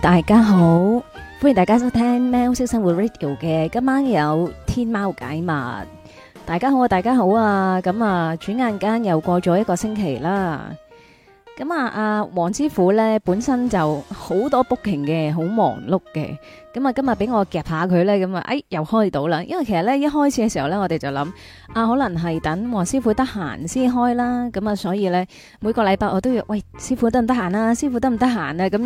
大家好，歡迎大家收聽《喵式生活 Radio》嘅，今晚有天喵解密。大家好啊，大家好啊，咁啊，轉眼間又過咗一個星期啦。咁啊，阿黃師傅咧本身就好多 booking 嘅，好忙碌嘅。咁啊，今日俾我夾下佢咧，咁啊，哎又開到啦。因為其實咧，一開始嘅時候咧，我哋就諗啊，可能係等黃師傅得閒先開啦。咁啊，所以咧每個禮拜我都要喂，師傅得唔得閒啊？師傅得唔得閒啊？咁樣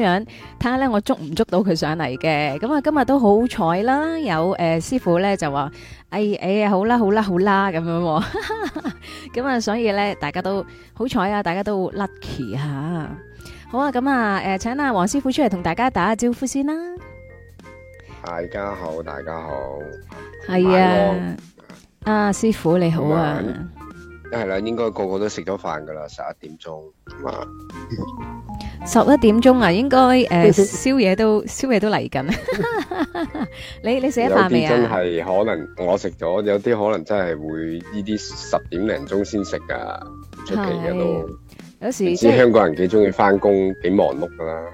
睇下咧，看看我捉唔捉到佢上嚟嘅。咁啊，今日都好彩啦，有誒、呃、師傅咧就話。哎哎，好啦好啦好啦，咁樣喎、啊，咁 啊、嗯，所以咧，大家都好彩啊，大家都 lucky 吓，好啊，咁啊，誒，請阿黃師傅出嚟同大家打下招呼先啦。大家好，大家好，係、哎、啊，啊，師傅你好啊。好啊。係啦，應該個個都食咗飯噶啦，十一點鐘，嘛？十一點鐘啊，應該誒，宵夜都宵夜都嚟緊。你你食咗飯未啊？有啲真係可能我食咗，有啲可能真係會呢啲十點零鐘先食噶，出奇噶都。有時知香港人幾中意返工，幾忙碌噶啦。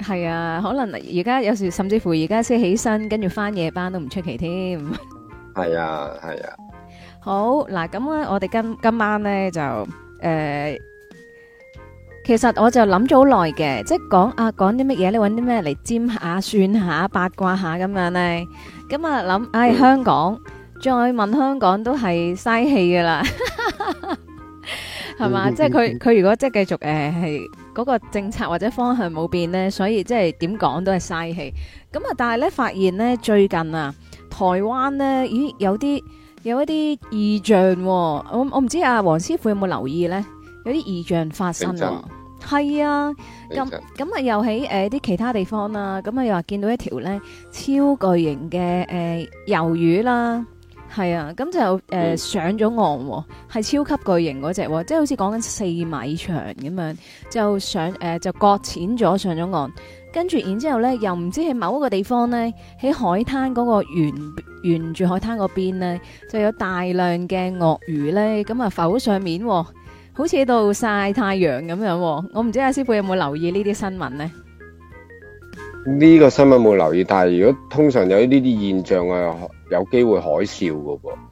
係啊，可能而家有時甚至乎而家先起身，跟住返夜班都唔出奇添。係啊，係啊。好嗱，咁咧，我哋今今晚咧就，誒，其實我就諗咗好耐嘅，即係講啊，講啲乜嘢咧，你揾啲咩嚟占下、算下、八卦下咁樣咧，咁啊諗，唉，香港再問香港都係嘥氣噶啦，係嘛？即係佢佢如果即係繼續誒，嗰個政策或者方向冇變咧，所以即係點講都係嘥氣。咁啊，但係咧發現咧最近啊，台灣咧咦有啲。有一啲異象、哦，我我唔知阿、啊、黃師傅有冇留意咧？有啲異象發生是啊，係啊，咁咁啊，又喺誒啲其他地方啦。咁啊，又話見到一條咧超巨型嘅誒、呃、魷魚啦，係啊，咁就誒、呃嗯、上咗岸喎、哦，係超級巨型嗰隻喎，即係好似講緊四米長咁樣就上誒、呃、就擱淺咗上咗岸。跟住，然之後咧，又唔知喺某一個地方咧，喺海灘嗰個沿沿住海灘嗰邊咧，就有大量嘅鱷魚咧，咁啊浮上面、哦，好似喺度曬太陽咁樣、哦。我唔知阿師傅有冇留意呢啲新聞咧？呢個新聞冇留意，但係如果通常有呢啲現象啊，有機會海嘯噶噃。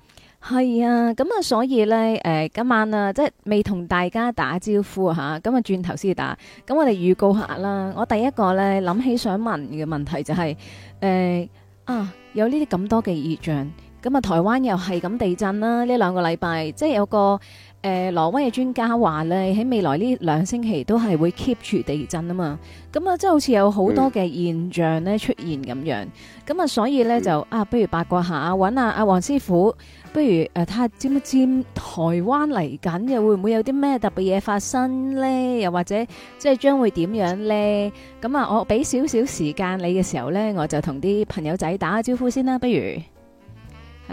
係啊，咁啊，所以呢，誒、呃，今晚啊，即係未同大家打招呼吓，咁啊，轉頭先打，咁我哋預告下啦。我第一個呢，諗起想問嘅問題就係、是，誒、呃、啊，有呢啲咁多嘅異象，咁啊，台灣又係咁地震啦，呢兩個禮拜即係有個。誒、呃，挪威嘅專家話咧，喺未來呢兩星期都係會 keep 住地震啊嘛，咁啊，即係好似有好多嘅現象咧出現咁樣，咁、嗯、啊，所以咧就啊，不如八卦下，揾下阿、啊、黃師傅，不如誒睇下尖唔尖台灣嚟緊又會唔會有啲咩特別嘢發生咧？又或者即係將會點樣咧？咁啊，我俾少少時間你嘅時候咧，我就同啲朋友仔打下招呼先啦，不如係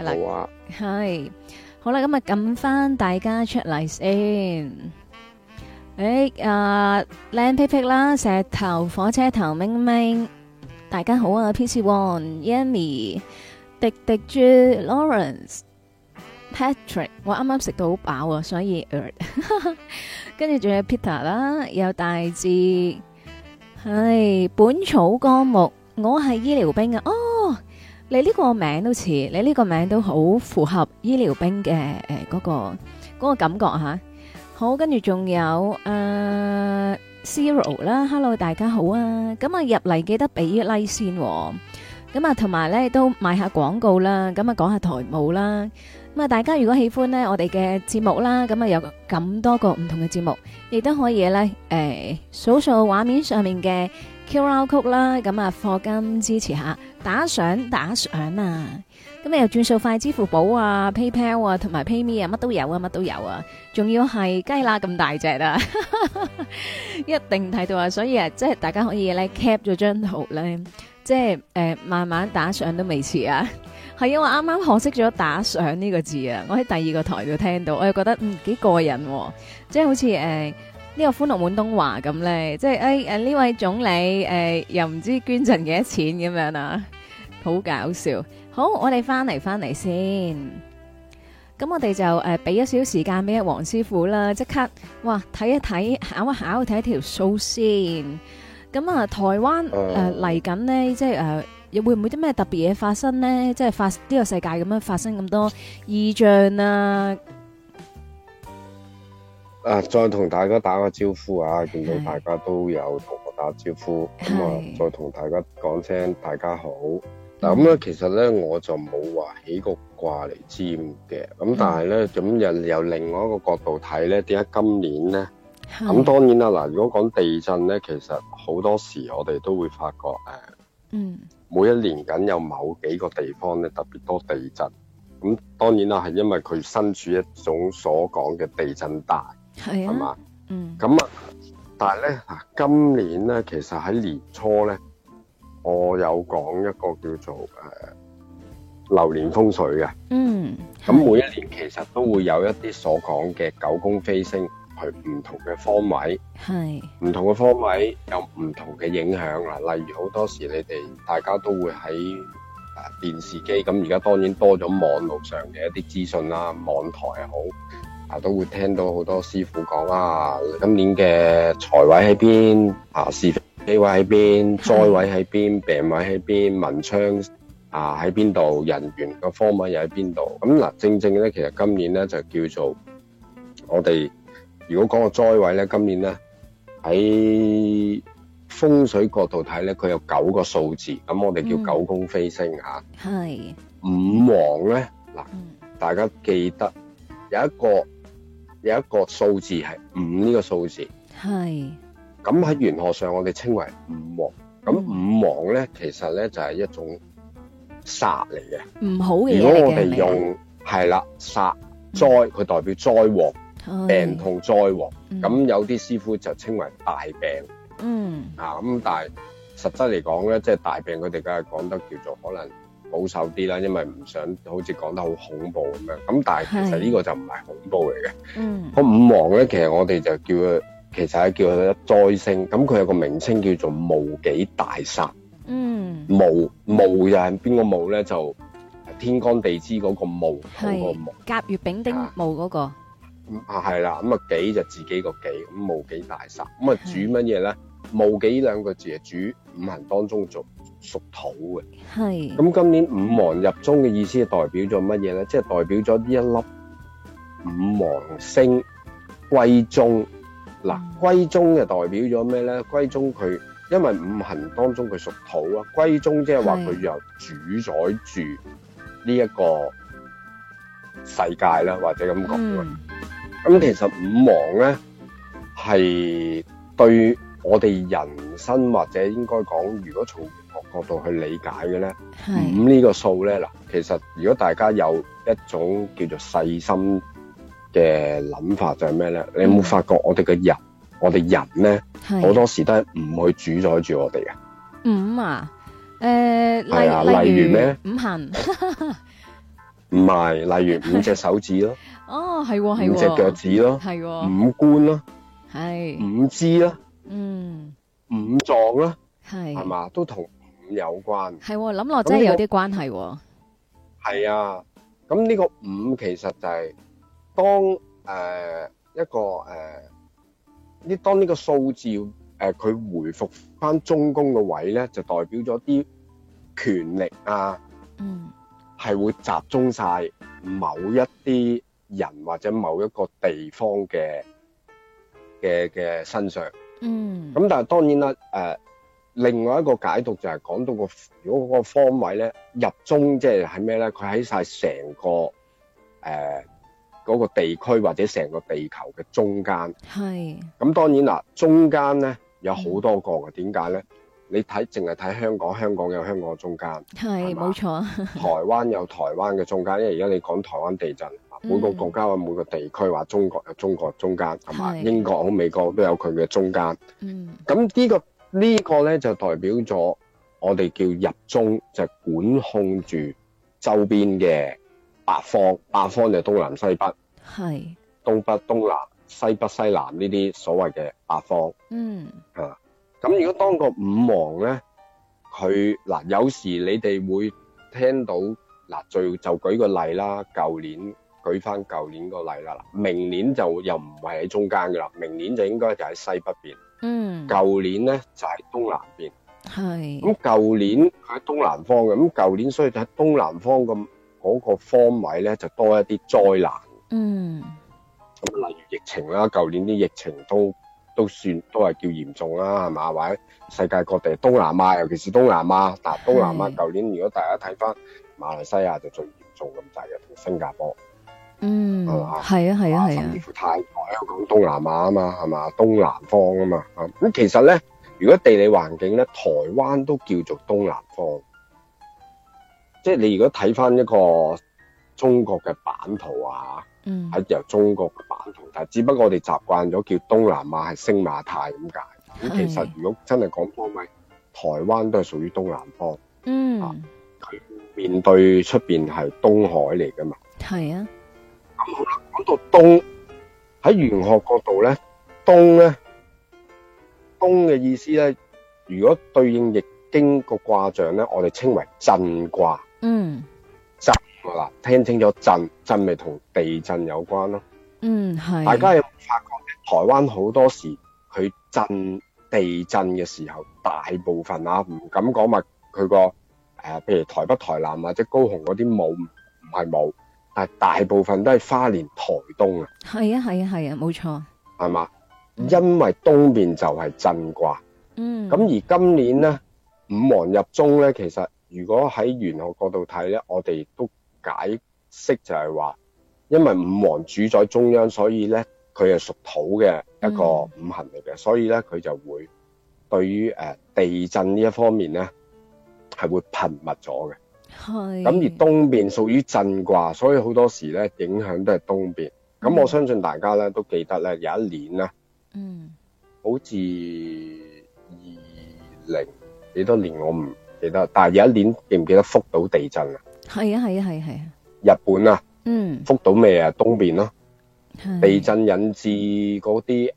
啦，係。好啦，今日撳翻大家出嚟先。誒，啊靚皮皮啦，石頭火車頭明明，大家好啊，PC one，Yami，滴滴豬 Lawrence，Patrick，我啱啱食到好飽啊，所以，跟住仲有 Peter 啦，有大志，唉，本草綱目，我係醫療兵啊，哦。你呢個名都似，你呢個名都好符合醫療兵嘅誒嗰個嗰個感覺吓。好，跟住仲有誒 Zero 啦，Hello 大家好啊。咁啊入嚟記得俾一 like 先，咁啊同埋咧都賣下廣告啦。咁啊講下台冇啦。咁啊大家如果喜歡咧我哋嘅節目啦，咁啊有咁多個唔同嘅節目，亦都可以咧誒掃掃畫面上面嘅。QR Code 啦，咁啊課金支持下，打賞打賞啊！咁又轉數快，支付寶啊、PayPal 啊同埋 PayMe 啊，乜都有啊，乜都有啊！仲要係雞乸咁大隻啊， 一定睇到啊！所以啊，即係大家可以咧 cap 咗張圖咧，即係誒、呃、慢慢打賞都未遲啊！係因為我啱啱學識咗打賞呢個字啊，我喺第二個台度聽到，我又覺得嗯幾過癮，啊，即係好似誒。呃呢、這個歡樂滿東華咁咧，即係誒誒呢位總理誒、呃、又唔知捐贈幾多錢咁樣啊，好搞笑！好，我哋翻嚟翻嚟先。咁我哋就誒俾、呃、一少少時間俾阿黃師傅啦，即刻哇睇一睇考一考睇一條數先。咁啊，台灣誒嚟緊呢，即係又、呃、會唔會啲咩特別嘢發生呢？即係發呢、這個世界咁樣發生咁多異象啊！啊！再同大家打個招呼啊！見到大家都有同我打招呼，咁啊，再同大家講聲大家好。咁、嗯、啊，其實咧我就冇話起個卦嚟占嘅。咁但係咧，咁、嗯、又由，由另外一個角度睇咧，點解今年咧咁？當然啦，嗱，如果講地震咧，其實好多時我哋都會發覺誒，嗯，每一年梗有某幾個地方咧特別多地震。咁當然啦，係因為佢身處一種所講嘅地震帶。係啊，係嘛，嗯，咁啊，但係咧，嗱，今年咧，其實喺年初咧，我有講一個叫做誒，流年風水嘅，嗯，咁每一年其實都會有一啲所講嘅九宮飛星，去唔同嘅方位，係，唔同嘅方位有唔同嘅影響啊，例如好多時你哋大家都會喺誒電視機，咁而家當然多咗網絡上嘅一啲資訊啦，網台又好。都會聽到好多師傅講啊，今年嘅財位喺邊啊，是非位喺邊，災位喺邊，病位喺邊，文昌啊喺邊度，人員個方位又喺邊度。咁嗱、啊，正正咧，其實今年咧就叫做我哋如果講個災位咧，今年咧喺風水角度睇咧，佢有九個數字，咁我哋叫九宮飛星啊。係、嗯、五王咧，嗱、啊，大家記得有一個。有一個數字係五，呢個數字，係咁，喺玄學上，我哋稱為五黃，嗯。咁五黃咧，其實咧就係、是、一種煞嚟嘅，唔好嘅。如果我哋用係啦，煞災，佢、嗯、代表災禍、病痛災禍、災、嗯、禍。咁有啲師傅就稱為大病。嗯，啊咁，但係實質嚟講咧，即、就、係、是、大病，佢哋梗係講得叫做可能。保守啲啦，因為唔想好似講得好恐怖咁樣。咁但係其實呢個就唔係恐怖嚟嘅。嗯，五黃咧，其實我哋就叫佢，其實係叫佢災星。咁佢有個名稱叫做戊己大煞。嗯，戊戊又係邊個戊咧？就天干地支嗰個戊，嗰個戊。甲、乙、丙、丁戊嗰個。啊，係、嗯、啦，咁啊己就自己個己，咁、嗯、戊己大煞，咁啊主乜嘢咧？戊己兩個字啊，主五行當中做。屬土嘅，係咁今年五黃入中嘅意思代表咗乜嘢咧？即係代表咗呢一粒五黃星歸中。嗱，嗯，歸宗就代表咗咩咧？歸中佢因為五行當中佢屬土啊，歸中即係話佢又主宰住呢一個世界啦，或者咁講。咁其實五黃咧，係對我哋人生或者應該講，如果從角度去理解嘅咧，五呢個數咧嗱，其實如果大家有一種叫做細心嘅諗法，就係咩咧？你有冇發覺我哋嘅人，我哋人咧好多時都係唔去主宰住我哋嘅五啊，誒，係啊，例例如咩？五行唔係，例如五隻手指咯，哦係，五隻腳趾咯，係五官咯，係五肢啦，嗯，五臟啦，係係嘛，都同。有關係，諗落真係有啲關係。哦，係、這個、啊，咁呢個五其實就係當誒、呃、一個誒、呃呃、呢當呢個數字誒佢回復翻中宮嘅位咧，就代表咗啲權力啊，嗯，係會集中晒某一啲人或者某一個地方嘅嘅嘅身上，嗯，咁但係當然啦誒。呃另外一個解讀就係講到個，如果個方位咧入中就是是什麼呢，即係喺咩咧？佢喺晒成個誒嗰個地區或者成個地球嘅中間。係。咁當然喇，中間咧有好多個嘅。點解咧？你睇淨係睇香港，香港有香港嘅中間。係，冇錯 台灣有台灣嘅中間，因為而家你講台灣地震，每個國家話每個地區話中國有中國中間，係嘛？英國好美國都有佢嘅中間。嗯。咁呢、嗯呢個呢個咧就代表咗我哋叫入中，就管控住周邊嘅八方，八方就東南西北，係東北、東南、西北、西南呢啲所謂嘅八方。嗯，啊，咁如果當個五王咧，佢嗱有時你哋會聽到嗱，就就舉個例啦，舊年舉翻舊年個例啦，嗱，明年就又唔係喺中間㗎喇，明年就應該就喺西北邊。嗯，舊年咧就喺、係、東南邊，係咁舊年佢喺東南方嘅，咁舊年所以就喺東南方咁嗰個方位咧就多一啲災難，嗯，咁例如疫情啦，舊年啲疫情都都算都係叫嚴重啦，係嘛？或者世界各地東南亞，尤其是東南亞，嗱、啊、東南亞舊年如果大家睇翻馬來西亞就最嚴重咁滯嘅，同、就係、新加坡。嗯，係啊，係啊，係啊，甚至乎太陽香港東南亞啊嘛，係嘛東南方啊嘛啊。咁其實咧，如果地理環境咧，台灣都叫做東南方，即係你如果睇翻一個中國嘅版圖啊，喺、嗯、由中國嘅版圖，但係只不過我哋習慣咗叫東南亞係星馬泰咁解。咁其實如果真係講方位，台灣都係屬於東南方。嗯，佢面對出邊係東海嚟噶嘛？係啊。咁好啦，講到東喺玄學角度咧，東咧，東嘅意思咧，如果對應易經個卦象咧，我哋稱為震卦。嗯。震啊啦，聽清楚震，震咪同地震有關咯。嗯，係。大家有冇發覺咧？台灣好多時佢震地震嘅時候，大部分啊，唔敢講埋佢個誒，譬、呃、如台北、台南或者高雄嗰啲冇，唔係冇。但大部分都係花蓮台東是啊，係啊係啊係啊，冇錯、啊，係嘛？因為東面就係震卦，嗯，咁而今年咧五黃入中咧，其實如果喺玄學角度睇咧，我哋都解釋就係話，因為五黃主宰中央，所以咧佢係屬土嘅一個五行嚟嘅、嗯，所以咧佢就會對於誒地震呢一方面咧係會頻密咗嘅。係咁，而東邊屬於震卦，所以好多時咧影響都係東邊。咁我相信大家咧都記得咧有一年啦，嗯，好似二零幾多年我唔記得，但係有一年記唔記得福島地震啊？係啊係啊係係啊！日本啊，嗯，福島未啊東邊咯，地震引致嗰啲，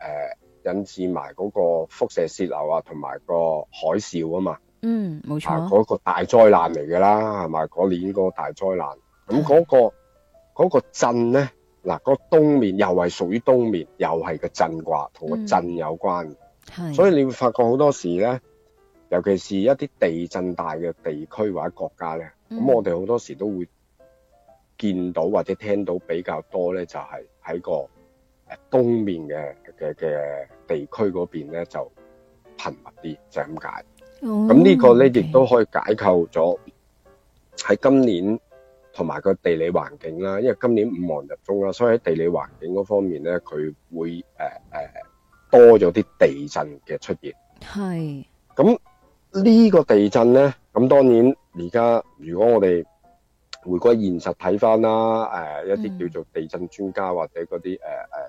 誒引致埋嗰個輻射泄流啊，同埋個海嘯啊嘛。嗯，冇錯，嗰、啊嗰個大災難嚟噶啦，係咪嗰年嗰個大災難咁嗰、嗰個嗰、嗰個震咧嗱，個東面又係屬於東面又係個震卦同個震有關嘅、嗯，所以你會發覺好多時咧，尤其是一啲地震帶嘅地區或者國家咧，咁、嗯、我哋好多時都會見到或者聽到比較多咧，就係、是、喺個誒東面嘅嘅嘅地區嗰邊咧就頻密啲，就咁解。就是這咁呢個呢，亦都可以解構咗喺今年同埋個地理環境啦。因為今年五黃入中啦，所以喺地理環境嗰方面呢，佢會誒誒、呃、多咗啲地震嘅出現。係。咁呢個地震呢，咁當然而家如果我哋。回歸現實睇返啦，誒、呃、一啲叫做地震專家、嗯、或者嗰啲誒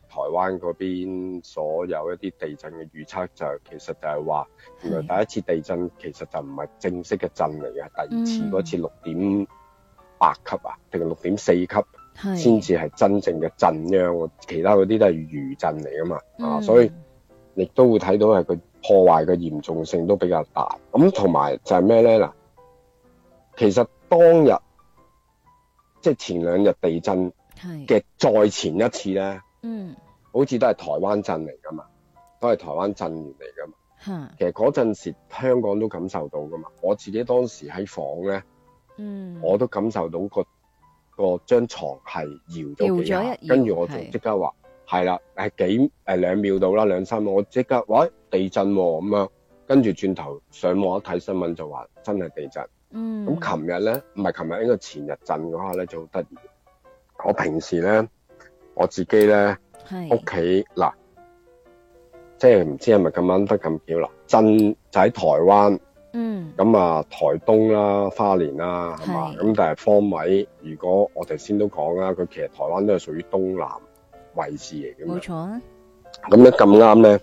台灣嗰邊所有一啲地震嘅預測就其實就係話原來第一次地震其實就唔係正式嘅震嚟嘅，第二次嗰、嗯、次六點八級啊，定係六點四級先至係真正嘅震央，其他嗰啲都係餘震嚟噶嘛、嗯、啊，所以亦都會睇到係佢破壞嘅嚴重性都比較大咁，同埋就係咩咧嗱，其實當日。即係前兩日地震嘅再前一次咧，嗯，好似都係台灣震嚟㗎嘛，都係台灣震源嚟㗎嘛、嗯。其實嗰陣時香港都感受到㗎嘛，我自己當時喺房咧，嗯，我都感受到個個張床係搖咗幾下，跟住我就即刻話係啦，係幾、呃、兩秒到啦，兩三秒，我即刻喂，地震喎、啊、咁樣，跟住轉頭上網一睇新聞就話真係地震。嗯，咁琴日咧，唔係琴日，應該前日震嘅話咧就好得意。我平時咧，我自己咧，屋企嗱，即係唔知係咪咁樣，得咁巧啦，震就喺台灣，嗯，咁啊台東啦、啊、花蓮啦、啊，係嘛，咁但係方位，如果我頭先都講啦，佢其實台灣都係屬於東南位置嚟嘅，冇錯啊。咁咧咁啱咧，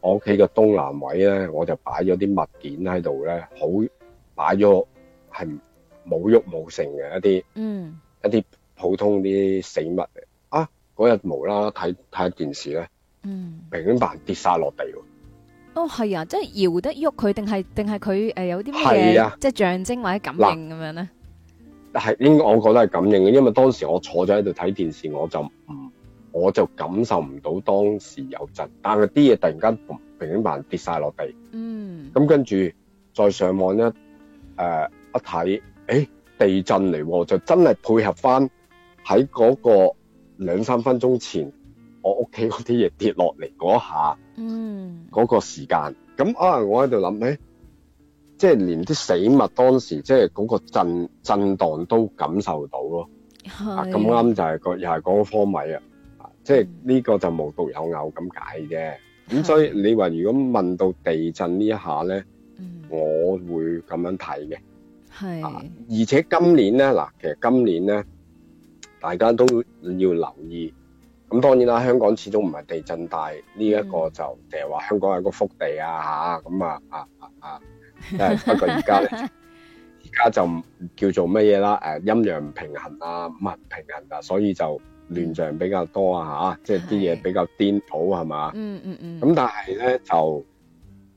我屋企嘅東南位咧，我就擺咗啲物件喺度咧，好擺咗。係冇喐冇成嘅一啲，一啲、嗯、普通啲死物嚟啊！嗰日無啦睇睇電視咧，平板跌晒落地喎。哦，係啊，即係搖得喐佢，定係定係佢誒有啲咩，啊、即係象徵或者感應咁樣咧？係應該，我覺得係感應嘅，因為當時我坐咗喺度睇電視，我就唔我就感受唔到當時有震，但係啲嘢突然間平板跌晒落地。嗯，咁跟住再上網咧，誒、呃。一睇，誒、欸、地震嚟、哦，就真係配合翻喺嗰個兩三分鐘前，我屋企嗰啲嘢跌落嚟嗰下，嗯，嗰、嗰個時間，咁可能、啊、我喺度諗呢即係連啲死物當時即係嗰個震震盪都感受到咯，咁啱、啊啊啊、就係、是、又係嗰個科米啊，啊即係呢個就無獨有偶咁解啫，咁所以你話如果問到地震呢一下咧，嗯、啊，我會咁樣睇嘅。係、啊、而且今年咧嗱，其實今年咧，大家都要留意。咁當然啦，香港始終唔係地震帶，呢一個就淨係話香港有個福地啊吓。咁啊啊啊，啊，啊，不過而家咧，而 家就叫做乜嘢啦？誒、啊，陰陽唔平衡啊，唔平衡啊，所以就亂象比較多啊吓，即係啲嘢比較顛倒係嘛。嗯嗯嗯。咁、嗯、但係咧就，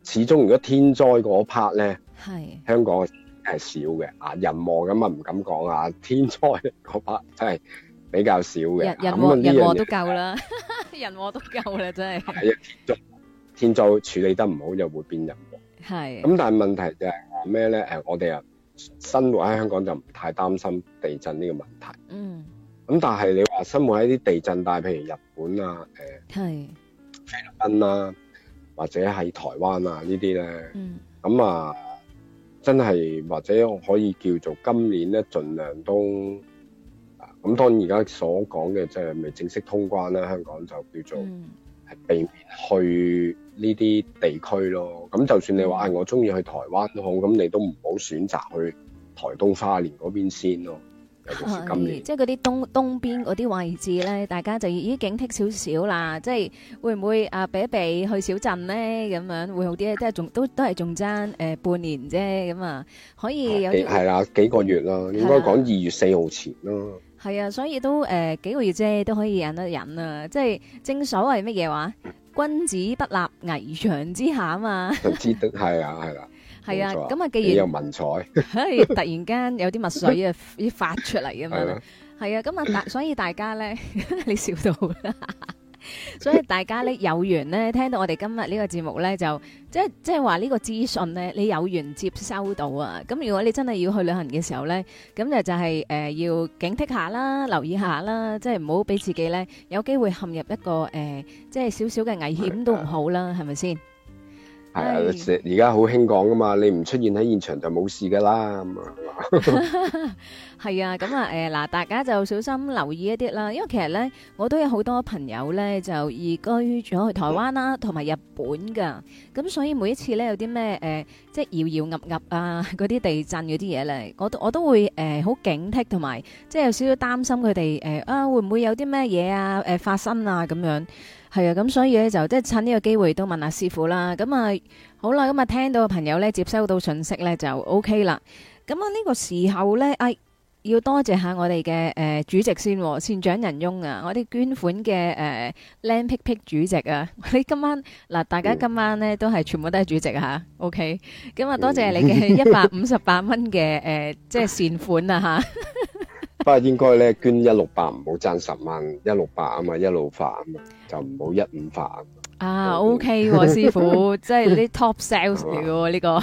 始終如果天災嗰 part 咧，係香港係少嘅啊，人禍咁啊，唔敢講啊。天災嗰 p a 真係比較少嘅。人禍人禍都夠啦，人禍都夠啦， 真係。係啊，天災天災處理得唔好，又會變人禍。係。咁、嗯、但係問題就係咩咧？誒，我哋啊生活喺香港就唔太擔心地震呢個問題。嗯。咁、嗯、但係你話生活喺啲地震帶，譬如日本啊，誒、呃，菲律賓啊，或者喺台灣啊這些呢啲咧。嗯。咁、嗯、啊。嗯真係或者我可以叫做今年咧，盡量都啊咁。當然而家所講嘅即係未正式通關啦，香港就叫做係避免去呢啲地區咯。咁就算你話誒，我中意去台灣都、嗯、好，咁你都唔好選擇去台東花蓮嗰邊先咯。即係嗰啲東東邊嗰啲位置咧，大家就要警惕少少啦。即係會唔會啊？避一避去小鎮呢？咁樣會好啲咧？即係仲都都係仲爭誒、呃、半年啫，咁啊可以有係啦、啊啊，幾個月啦，應該講二月四號前咯。係啊，所以都誒、呃、幾個月啫，都可以忍得忍啊。即係正所謂乜嘢話，君子不立危牆之下啊嘛。係、嗯、 啊，係啦、啊。係啊，咁啊，既然有文采，突然間有啲墨水啊，要發出嚟咁樣，係啊，咁啊，所以大家咧，你笑到啦，所以大家咧有緣咧，聽到我哋今日呢個節目咧，就即係即係話呢個資訊咧，你有緣接收到啊，咁如果你真係要去旅行嘅時候咧，咁就就係誒要警惕下啦，留意下啦，即係唔好俾自己咧有機會陷入一個誒，即係少少嘅危險都唔好啦，係咪先？係啊，而家好興講噶嘛，你唔出現喺現場就冇事噶啦。係 啊，咁啊嗱，大家就小心留意一啲啦。因為其實咧，我都有好多朋友咧就移居咗去台灣啦，啊，同埋日本噶。咁所以每一次咧有啲咩、呃、即係搖搖噏噏啊，嗰啲地震嗰啲嘢咧，我我都會好、呃、警惕同埋，即係有，有少少擔心佢哋、呃、啊，會唔會有啲咩嘢啊誒發生啊咁樣。係啊，咁所以咧就即係趁呢個機會都問下師傅啦。咁啊好啦，咁啊聽到個朋友咧接收到信息咧就 O K 啦。咁啊呢個時候咧，要多謝下我哋嘅誒主席先善長仁翁啊，我哋捐款嘅誒靚霹霹主席啊，喺今晚嗱，大家今晚咧都係全部都係主席吓，O K。咁啊多謝你嘅一百五十八蚊嘅誒，即係善款啊吓。不過應該咧捐一六八，唔好爭十萬，一六八啊嘛一路發咁，就唔好一五八啊。OK 喎，師傅，即係啲 top sales 嚟嘅喎呢個。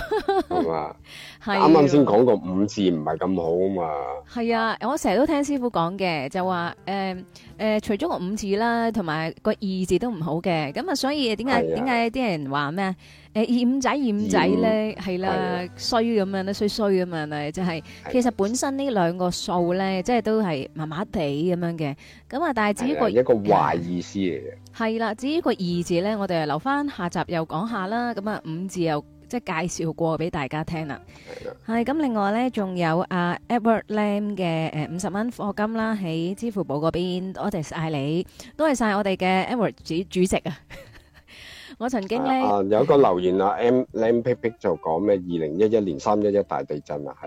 係 嘛、啊？啱啱先講個五字唔係咁好嘛？係啊，我成日都聽師傅講嘅，就話誒誒，除咗個五字啦，同埋個二字都唔好嘅。咁啊，所以點解點解啲人話咩？誒、呃，二五仔二五仔咧，係啦、啊啊、衰咁樣咧，衰衰咁樣咪就係、是啊。其實本身這兩數呢兩、就是、個數咧，即係都係麻麻地咁樣嘅。咁啊，但係至於個一個壞意思嚟嘅。係啦、啊，至於個二字咧，我哋留返下集又講下啦。咁啊，五字又。即係介紹過俾大家聽啦，係咁。另外咧，仲有阿 Edward Lam 嘅誒五十蚊課金啦，喺支付寶嗰邊。多謝晒你，多謝晒我哋嘅 Edward 主主席啊！我曾經咧，有一個留言啊，M Lam P P 就講咩二零一一年三一一大地震啊，係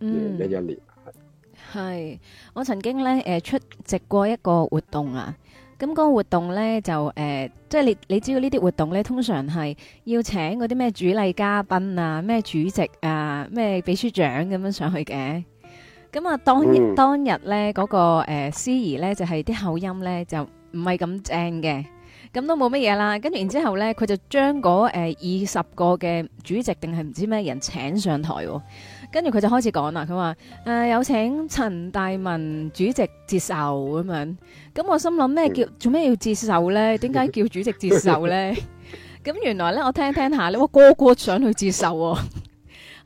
二零一一年係係我曾經咧誒出席過一個活動啊。咁、那、嗰個活動呢，就誒，即、呃、係、就是、你你知道呢啲活動呢，通常係要請嗰啲咩主禮嘉賓啊、咩主席啊、咩秘書長咁樣上去嘅。咁啊，當日、嗯、當日呢，嗰、那個、呃、司儀呢，就係、是、啲口音呢，就唔係咁正嘅，咁都冇乜嘢啦。跟住然之後呢，佢就將嗰二十個嘅主席定係唔知咩人請上台、哦。跟住佢就開始講啦，佢話誒有請陳大文主席接受咁樣，咁我心諗咩叫做咩要接受咧？點解叫主席接受咧？咁 原來咧我聽聽下咧，個個想去接受，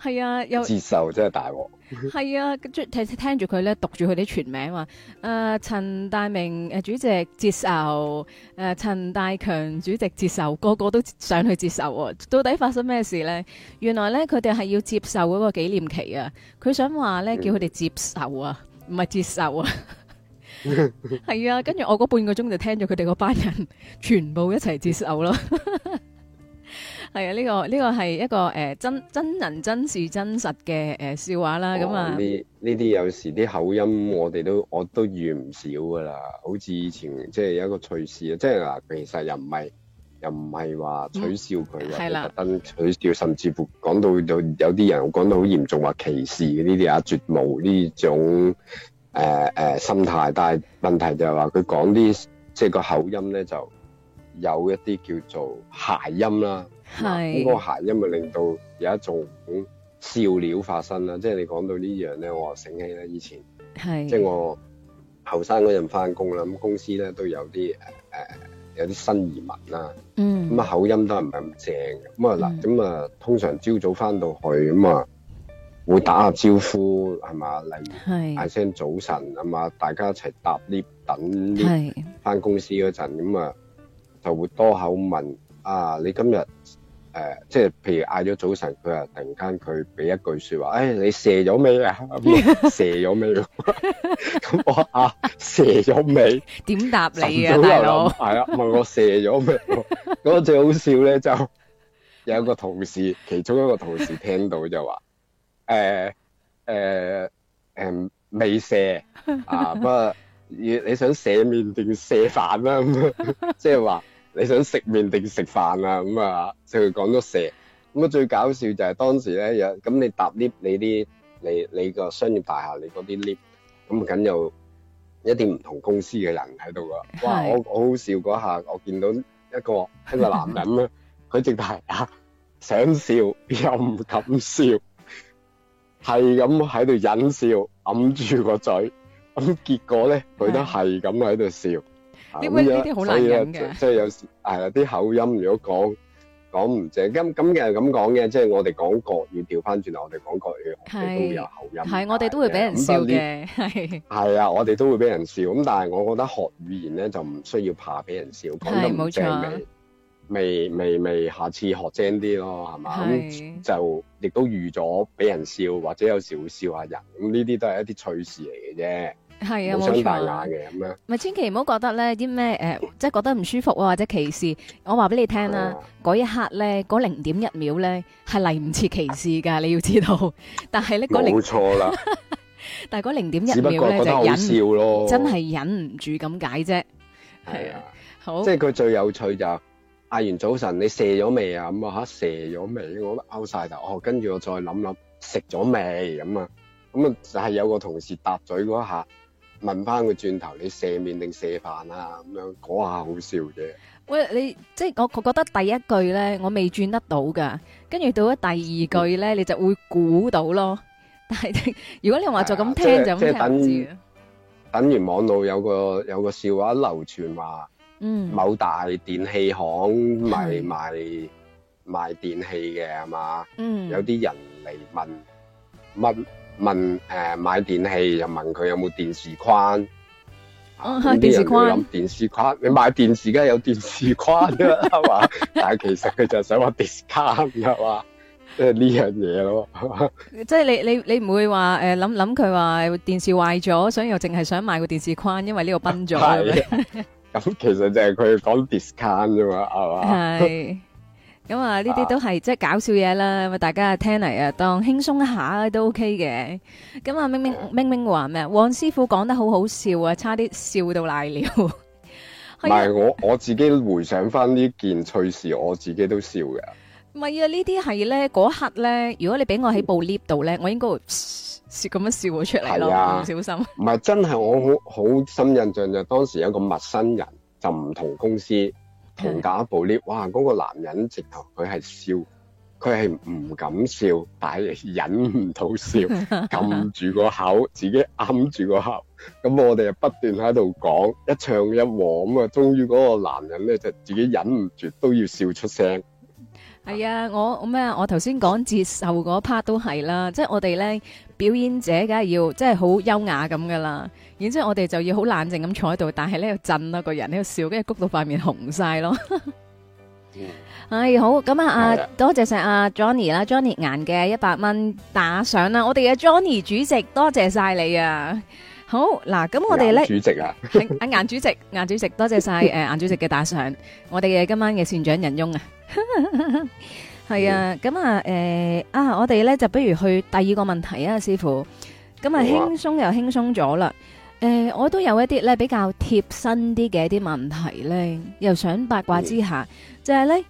係啊，又 啊、接受真係大鑊。係 啊，聽住佢咧讀住佢啲全名話，誒陳、呃、大明誒主席接受，誒、呃、陳大強主席接受，個個都想去接受，到底發生咩事呢？原來呢，佢哋係要接受嗰個紀念旗啊！佢想話呢，叫佢哋接受，唔係接受 係啊，唔係接受啊，係啊！跟住我嗰半個鐘就聽咗佢哋嗰班人全部一齊接受咯。係啊，呢、這個呢、這個係一個誒、呃、真真人真事真實嘅誒、呃、笑話啦。咁、哦、啊，呢呢啲有時啲口音我，我哋都我都遇唔少噶啦。好似以前即係有一個趣事啊，即係嗱，其實又唔係又唔係話取笑佢，又特登取笑，甚至乎講到有有啲人講到好嚴重話歧視呢啲啊，絕無呢種誒誒、呃呃、心態。但係問題就係話佢講啲即係個口音咧，就有一啲叫做諧音啦。係嗰、那個閒音咪令到有一種笑料發生啦，即係你講到呢樣咧，我醒起咧以前，即係我後生嗰陣翻工啦，咁公司咧都有啲誒、呃、有啲新移民啦，咁、嗯、啊、嗯、口音都係唔係咁正咁啊嗱，咁、嗯、啊、嗯、通常朝早翻到去咁啊會打下招呼係嘛，例如嗌聲早晨係嘛，大家一齊搭 lift 等翻公司嗰陣咁啊就會多口問啊你今日。誒、呃，即係譬如嗌咗早晨，佢話突然間佢俾一句說話，誒、哎，你射咗未，嗯 嗯？啊？射咗未？咁我話射咗未？點答你啊，大佬？係啊，問、哎、我射咗未？咁 最好笑咧，就是，就有一個同事，其中一個同事聽到就話，誒、呃，誒、呃，誒、呃，未射啊，不過你你想射麵定射飯啦？咁、嗯嗯、即係話。你想食麵定食飯啊？咁啊，就講咗蛇。咁啊，最搞笑就係當時咧，有咁你搭 lift，你啲你你個商業大廈，你嗰啲 lift，咁梗有一啲唔同公司嘅人喺度噶。哇，我好好笑嗰下，我見到一個一個男人咧，佢直頭係啊想笑又唔敢笑，係咁喺度忍笑，揞住個嘴。咁結果咧，佢都係咁喺度笑。點、嗯、解呢啲好難嘅？即係有時係啊，啲、哎、口音如果講講唔正，咁咁其實咁講嘅，即係我哋講國語調翻轉頭，我哋講國語我哋都會有口音。係我哋都會俾人笑嘅。係係啊，我哋都會俾人笑。咁 但係我覺得學語言咧就唔需要怕俾人笑，講得唔正未？未未，下次學正啲咯，係嘛？咁、嗯、就亦都預咗俾人笑，或者有時會笑下人。咁呢啲都係一啲趣事嚟嘅啫。係啊，冇出大雅嘅咁啊！咪千祈唔好覺得咧，啲咩誒，即係覺得唔舒服或者歧視。我話俾你聽啦，嗰一刻咧，嗰零點一秒咧，係嚟唔切歧視噶，你要知道。但係咧，嗰零冇錯啦！但係嗰零點一秒咧就忍，真係忍唔住咁解啫。係啊，好！即係佢最有趣就嗌完早晨，你射咗未啊？咁啊吓射咗未？我覺得 out 晒頭，就哦，跟住我再諗諗食咗未咁啊？咁啊就係有個同事搭嘴嗰一下。問翻佢轉頭，你射麵定射飯啊？咁樣嗰下好笑啫。喂，你即係我，我覺得第一句咧，我未轉得到㗎，跟住到咗第二句咧，你就會估到咯。但係如果你話就咁聽，就咁聽唔知啊。等完網路有個有個笑話流傳，話，嗯，某大電器行賣賣賣電器嘅係嘛，嗯，有啲人嚟問問？問誒、呃、買電器又問佢有冇電視框，哦、啊嗯，電視框，諗電視框，你買電視梗係有電視框，係 嘛？但係其實佢就係想話 discount，係嘛？ 即係呢樣嘢咯，即係你你你唔會話誒諗諗佢話電視壞咗，所以又淨係想買個電視框，因為呢個崩咗，咁 其實就係佢講 discount 啫嘛，係 嘛？係。咁啊，呢啲都係即係搞笑嘢啦，咁啊大家聽嚟啊當輕鬆一下都 OK 嘅。咁啊，明明明明話咩啊？黃師傅講得好好笑啊，差啲笑到瀨尿。唔係我我自己回想翻呢件趣事，我自己都笑㗎。唔係啊，呢啲係咧嗰刻咧，如果你俾我喺部 lift 度咧，我應該會咁樣笑咗出嚟咯，唔小心。唔係真係我好好深印象，就當時有一個陌生人就唔同公司。同架布呢？哇！嗰個男人直頭佢係笑，佢係唔敢笑，但係忍唔到笑，撳住個口，自己揞住個口。咁我哋又不斷喺度講，一唱一和咁啊！終於嗰個男人咧就自己忍唔住都要笑出聲。係啊，我咩？我頭先講接受嗰 part 都係啦，即係我哋咧。表演者梗係要，即係好優雅咁噶啦。然之後我哋就要好冷靜咁坐喺度，但係咧度震啦個人咧度笑，跟住谷到塊面紅晒咯。哎，好咁啊，阿多謝晒阿 Johnny 啦，Johnny 顏嘅一百蚊打賞啦。我哋嘅 Johnny 主席多謝晒你啊。好嗱，咁我哋咧主席啊，阿顏主席，顏主席多謝晒，誒，顏主席嘅打賞。我哋嘅今晚嘅善長仁翁啊。係啊，咁啊，誒、呃，啊，我哋咧就不如去第二個問題啊，師傅，咁啊，輕鬆又輕鬆咗啦，誒，我都有一啲咧比較貼身啲嘅一啲問題咧，又想八卦之下，嗯、就係咧。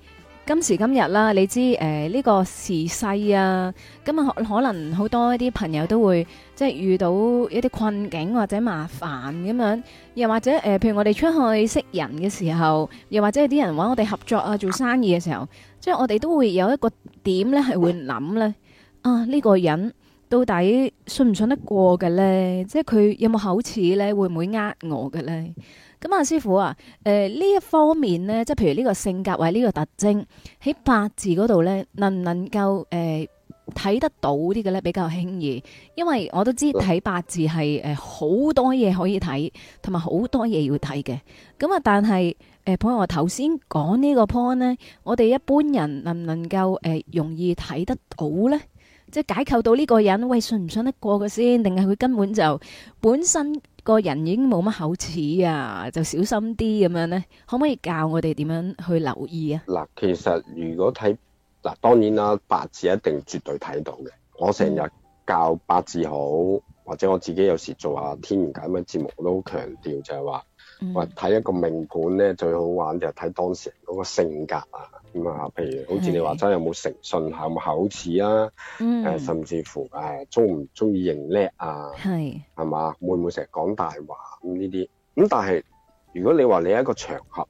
今時今日啦，你知，誒呢，呃呢個時勢啊，可能好多一啲朋友都會即係遇到一啲困境或者麻煩咁樣，又或者誒，呃，譬如我哋出去識人嘅時候，又或者係啲人搵我哋合作啊，做生意嘅時候，即係我哋都會有一個點咧，係會諗咧，啊，呢，呢個人到底信唔信得過嘅咧？即係佢有冇口齒咧？會唔會呃我嘅咧？咁、嗯、阿、啊、師傅啊，誒、呃、呢一方面呢，即係譬如呢個性格或呢個特徵喺八字嗰度呢，能唔能夠誒睇、呃、得到啲嘅呢？比較輕易，因為我都知睇八字係誒好多嘢可以睇，同埋好多嘢要睇嘅。咁、嗯、啊，但係誒朋友頭先講呢個 point 呢，我哋一般人能唔能夠誒、呃、容易睇得到呢？即係解構到呢個人，喂，信唔信得過佢先？定係佢根本就本身，個人已經冇乜口齒啊，就小心啲咁樣咧。可唔可以教我哋點樣去留意啊？嗱，其實如果睇嗱，當然啦，八字一定絕對睇到嘅。我成日教八字好，或者我自己有時做下天喵解密節目，我都強調就係話，話、嗯、睇一個命盤咧，最好玩就係睇當事人嗰個性格啊。咁、嗯、啊，譬如好似你話齋有冇誠信，有冇口齒啊、嗯、啊？甚至乎誒中唔中意認叻啊？係係嘛？會唔會成日講大話咁呢啲咁，但係如果你話，你係一個場合，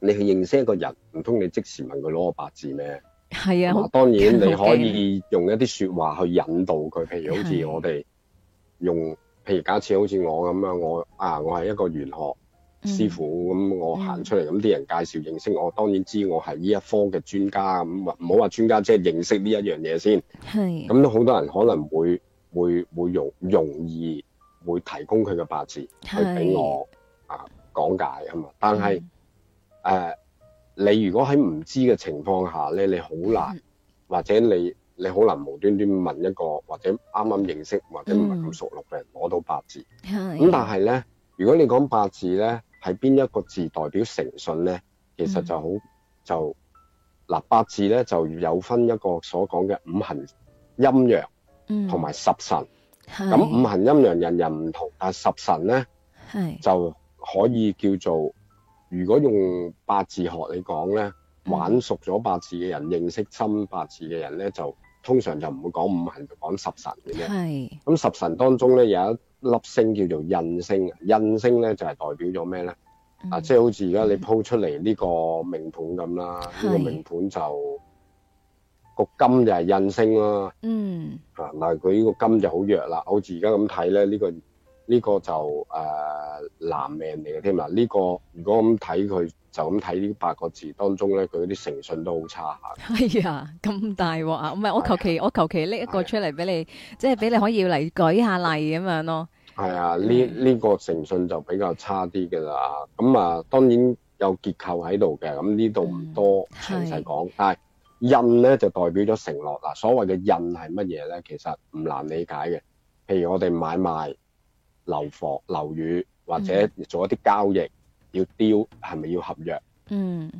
你去認識一個人，唔通你即時問佢攞個八字咩？係啊，當然你可以用一啲說話去引導佢，譬如好似我哋用，譬如假設好似我咁樣，我啊，我係一個玄學。師傅咁，我行出嚟咁啲人介紹認識我，我當然知我係呢一科嘅專家咁，唔好話專家即係認識呢一樣嘢先。係。咁都好多人可能會會會容容易會提供佢嘅八字去俾我啊、呃、講解啊嘛。但係誒、呃，你如果喺唔知嘅情況下咧，你好難，或者你你好難無端端問一個或者啱啱認識或者唔係咁熟絡嘅人攞到八字。咁但係咧，如果你講八字咧。係邊一個字代表誠信呢？其實就好就嗱，八字咧就有分一個所講嘅五行陰陽，同埋十神。咁、嗯、五行陰陽人人唔同，但十神呢，就可以叫做，如果用八字學嚟講呢，玩熟咗八字嘅人，認識深八字嘅人呢，就。通常就唔會講五行，講十神嘅啫。係咁十神當中咧有一粒星叫做印星啊，印星咧就係代表咗咩咧？啊，即係好似而家你鋪出嚟呢個命盤咁啦，呢個命盤就個金就係印星咯。嗯。啊，嗱，佢呢個金就好弱啦，好似而家咁睇咧呢個。呢、這個就誒男命嚟嘅添嗱，呢、呃這個如果咁睇佢，就咁睇呢八個字當中咧，佢嗰啲誠信都好差下。係、哎、啊，咁大鑊啊，唔係我求其我求其拎一個出嚟俾你，即係俾你可以嚟舉一下例咁樣咯。係啊，呢呢、這個誠信就比較差啲㗎啦。咁啊，當然有結構喺度嘅。咁呢度唔多、嗯、詳細講。但係、啊、印咧就代表咗承諾嗱。所謂嘅印係乜嘢咧？其實唔難理解嘅。譬如我哋買賣。樓房樓宇或者做一啲交易，嗯、要 deal 係咪要合約？嗯，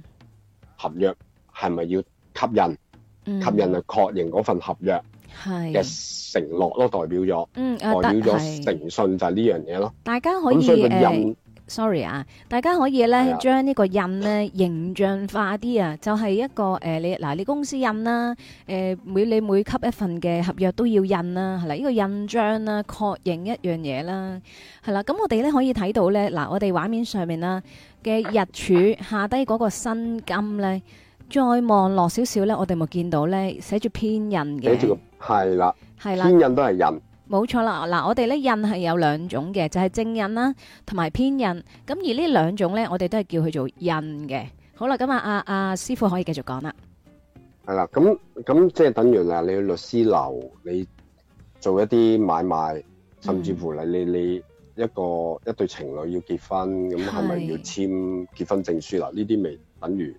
合約係咪要吸引？嗯、吸引嚟確認嗰份合約的，係嘅承諾咯，代表咗，嗯，啊、代表咗誠信就係呢樣嘢咯。大家可以誒。Sorry 啊，大家可以咧將呢、啊、把這個印咧形象化啲啊，就係、是、一個誒、呃、你嗱、呃、你公司印啦、啊，誒、呃、每你每級一份嘅合約都要印啦、啊，係啦、啊，呢、這個印章啦、啊、確認一樣嘢啦，係啦、啊，咁我哋咧可以睇到咧嗱、呃，我哋畫面上面啦嘅日柱下低嗰個薪金咧，再望落少少咧，我哋咪見到咧寫住偏印嘅，係啦、這個，係啦、啊啊，偏印都係印。冇錯啦，嗱，我哋咧印係有兩種嘅，就係正印啦，同埋偏印。咁而呢兩種咧，我哋都係叫佢做印嘅。好啦，咁啊阿阿師傅可以繼續講啦。係啦，咁咁即係等於啦，你去律師樓，你做一啲買賣，甚至乎你你你一個一對情侶要結婚，咁係咪要簽結婚證書啦？呢啲咪等於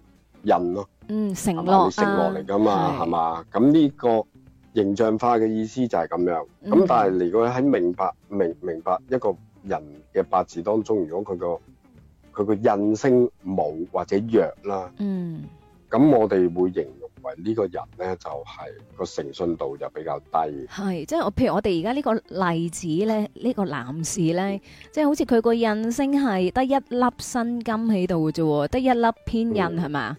印咯。嗯，承諾，承諾嚟㗎嘛，係嘛？咁呢個。形象化嘅意思就係咁樣，咁但係如果喺明白明明白一個人嘅八字當中，如果佢個佢個印星冇或者弱啦，咁、嗯、我哋會形容為呢個人咧就係個誠信度就比較低。係，即係我譬如我哋而家呢個例子咧，呢、這個男士咧，即係好似佢個印星係得一粒申金喺度嘅啫，得一粒偏印係咪？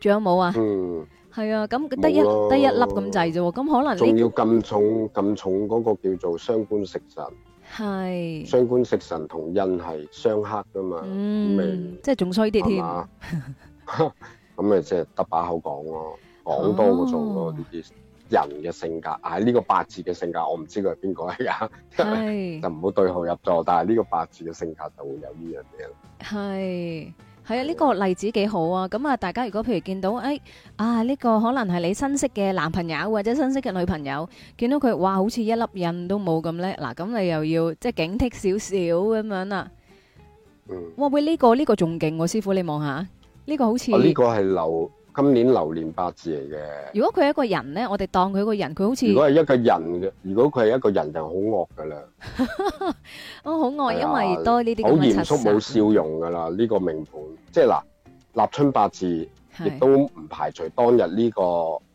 仲、嗯、有冇啊？嗯係啊，咁得一得一粒咁滯啫，咁可能仲要咁重咁重嗰個叫做雙官食神，係雙官食神同印係相克噶嘛，咁、嗯、即係仲衰啲添，咁咪即係得把口講咯、啊，講多過做多呢啲人嘅性格，唉、哦、呢、啊這個八字嘅性格，我唔知佢係邊個嚟啊， 是 就唔好對號入座，但係呢個八字嘅性格就會有呢樣嘢咯，係。係啊，呢、呢個例子幾好啊！咁啊，大家如果譬如見到，哎啊，呢、呢個可能係你新識嘅男朋友或者新識嘅女朋友，見到佢，哇，好似一粒印都冇咁叻，嗱，咁你又要即係、就是、警惕少少咁樣啊。嗯。哇，喂、呢個，呢、呢個呢個仲勁喎，師傅你望下，呢、呢個好似、啊。呢、呢個係流。今年流年八字嚟嘅。如果佢係一個人咧，我哋當佢一個人，佢好似如果係一個人嘅，如果佢係一個人就好惡噶啦。很的了 哦，好惡，因為多呢啲咁嘅好嚴肅，冇笑容噶啦。呢、這個命盤，即係嗱立春八字，亦都唔排除當日呢、這個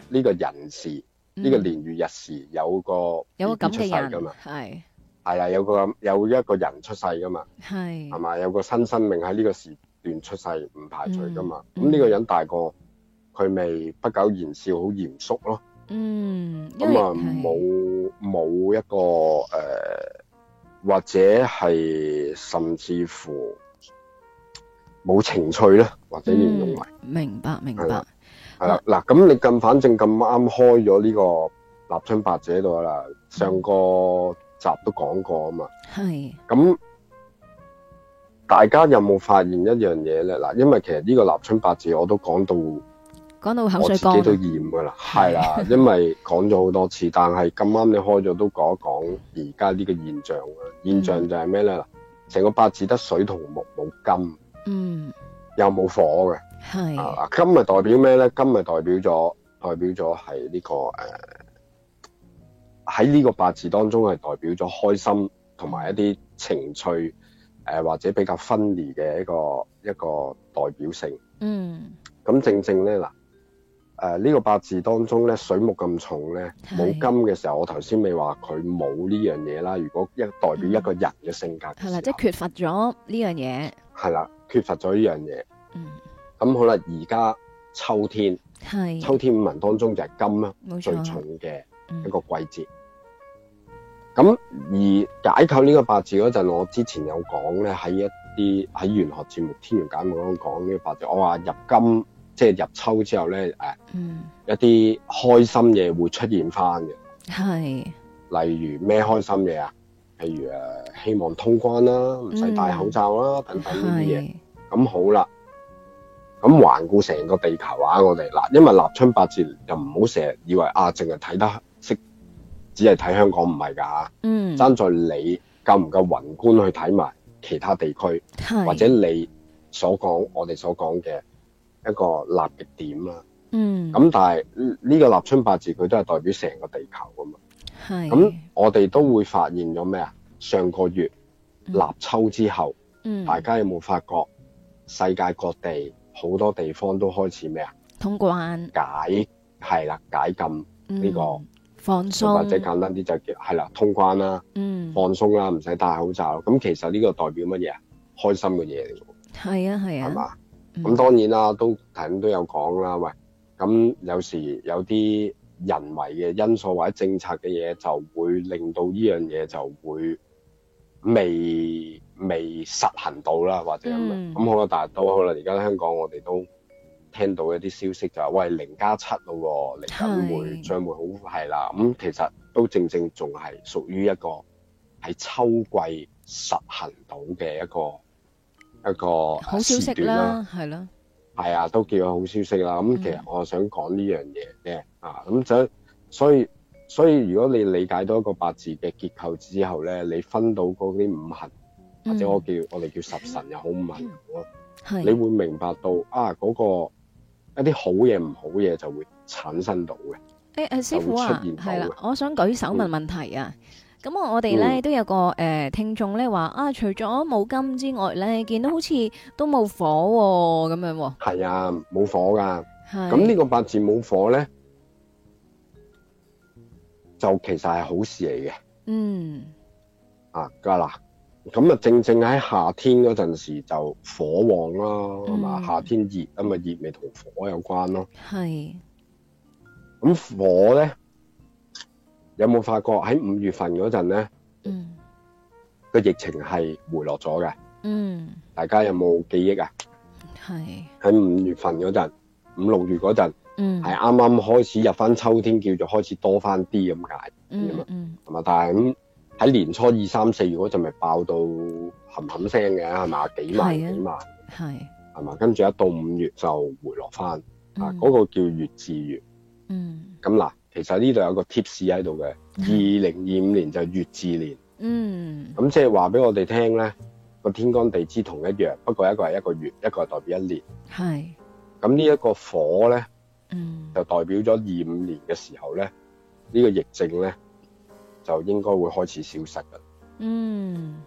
呢、這個人事呢、嗯這個年月日時有個弟弟有個咁出世噶嘛，係係啊有個有一個人出世噶嘛，係係咪有個新生命喺呢個時段出世唔排除噶嘛？咁、嗯、呢、嗯嗯這個人大個。佢未不苟言笑，好嚴肅咯。嗯，咁啊，冇冇一個誒、呃，或者係甚至乎冇情趣咧，或者你唔明，明白，明白。係啦，嗱、嗯、咁你咁反正咁啱開咗呢個立春八字喺度啦，上個集都講過啊嘛。係咁，大家有冇發現一樣嘢咧？嗱，因為其實呢個立春八字我都講到。講到口水乾，我自己都厭㗎喇，係啦、啊啊，因為講咗好多次， 但係咁啱你開咗都講一講而家呢個現象啊！現象就係咩咧？嗱、嗯，成個八字得水同木，冇金，嗯，又冇火嘅，係啊，金咪、啊、代表咩咧？金咪代表咗，代表咗係呢個誒喺呢個八字當中係代表咗開心同埋一啲情趣誒、呃，或者比較分離嘅一個一個代表性。嗯，咁正正咧嗱。誒、呃、呢、這個八字當中咧，水木咁重咧，冇金嘅時候，我頭先咪話佢冇呢樣嘢啦。如果一代表一個人嘅性格的，係、嗯、啦，即係缺乏咗呢樣嘢，係啦，缺乏咗呢樣嘢。嗯。咁好啦，而家秋天，係秋天五運當中就係金啦，最重嘅一個季節。咁、嗯、而解構呢個八字嗰陣，我之前有講咧，喺一啲喺玄學節目《天元解命》講嘅八字，我話入金。即、就、係、是、入秋之後咧，誒、啊嗯，一啲開心嘢會出現翻嘅，係，例如咩開心嘢啊？譬如誒，希望通關啦、啊，唔使戴口罩啦、啊嗯，等等呢啲嘢。咁好啦，咁環顧成個地球啊，我哋嗱，因為立春八字又唔好成日以為啊，淨係睇得識，只係睇香港唔係噶，嗯，爭在你夠唔夠宏觀去睇埋其他地區，或者你所講我哋所講嘅。一個立極點啦，嗯，咁、嗯、但係呢個立春八字佢都係代表成個地球噶嘛，係，咁、嗯、我哋都會發現咗咩啊？上個月立秋之後，嗯，嗯大家有冇發覺世界各地好多地方都開始咩啊？這個嗯、啊？通關解係啦，解禁呢個放鬆，或者簡單啲就叫係啦，通關啦，嗯，放鬆啦、啊，唔使戴口罩。咁其實呢個代表乜嘢啊？開心嘅嘢嚟，係啊係啊，係嘛、啊。咁、嗯、當然啦，都頭先都有講啦。喂，咁有時有啲人為嘅因素或者政策嘅嘢，就會令到呢樣嘢就會未未實行到啦，或者咁樣、嗯、好啦，但係都可能而家香港我哋都聽到一啲消息就話、是，喂零加七咯喎，嚟緊會將會好係啦。咁其實都正正仲係屬於一個，喺秋季實行到嘅一個。一個好消息啦，係咯，係啊，都叫好消息啦。咁、嗯、其實我想講呢樣嘢嘅啊，咁所以所以如果你理解到一個八字嘅結構之後咧，你分到嗰啲五行或者我叫我哋叫十神又好、嗯、五行咯，你會明白到啊嗰、嗰個一啲好嘢唔好嘢就會產生到嘅，誒、欸、誒師傅啊，係啦，我想舉手問問題啊。嗯咁我哋咧、嗯、都有個誒、呃、聽眾咧話啊，除咗冇金之外咧，見到好似都冇火咁、哦、樣、哦。係啊，冇火噶。係。咁呢個八字冇火咧，就其實係好事嚟嘅。嗯。啊，噶啦。咁啊，正正喺夏天嗰陣時就火旺啦、嗯，夏天熱啊嘛，熱咪同火有關咯。係。咁火咧？有冇發覺喺五月份嗰陣咧？嗯，個疫情係回落咗嘅。嗯，大家有冇記憶啊？係喺五月份嗰陣，五六月嗰陣，嗯，係啱啱開始入翻秋天，叫做開始多翻啲咁解，嗯，係嘛？但係咁喺年初二三四月嗰陣，咪爆到冚冚聲嘅，係嘛？幾萬幾萬，係係嘛？跟住一到五月就回落翻，啊，嗰個叫月至月，嗯，咁嗱。其實呢度有個貼士喺度嘅，二零二五年就係乙巳年。嗯，咁即係話俾我哋聽咧，個天干地支同一樣，不過一個係一個月，一個係代表一年。係咁呢一個火咧，嗯，就代表咗二五年嘅時候咧，呢個疫症咧就應該會開始消失噶。嗯，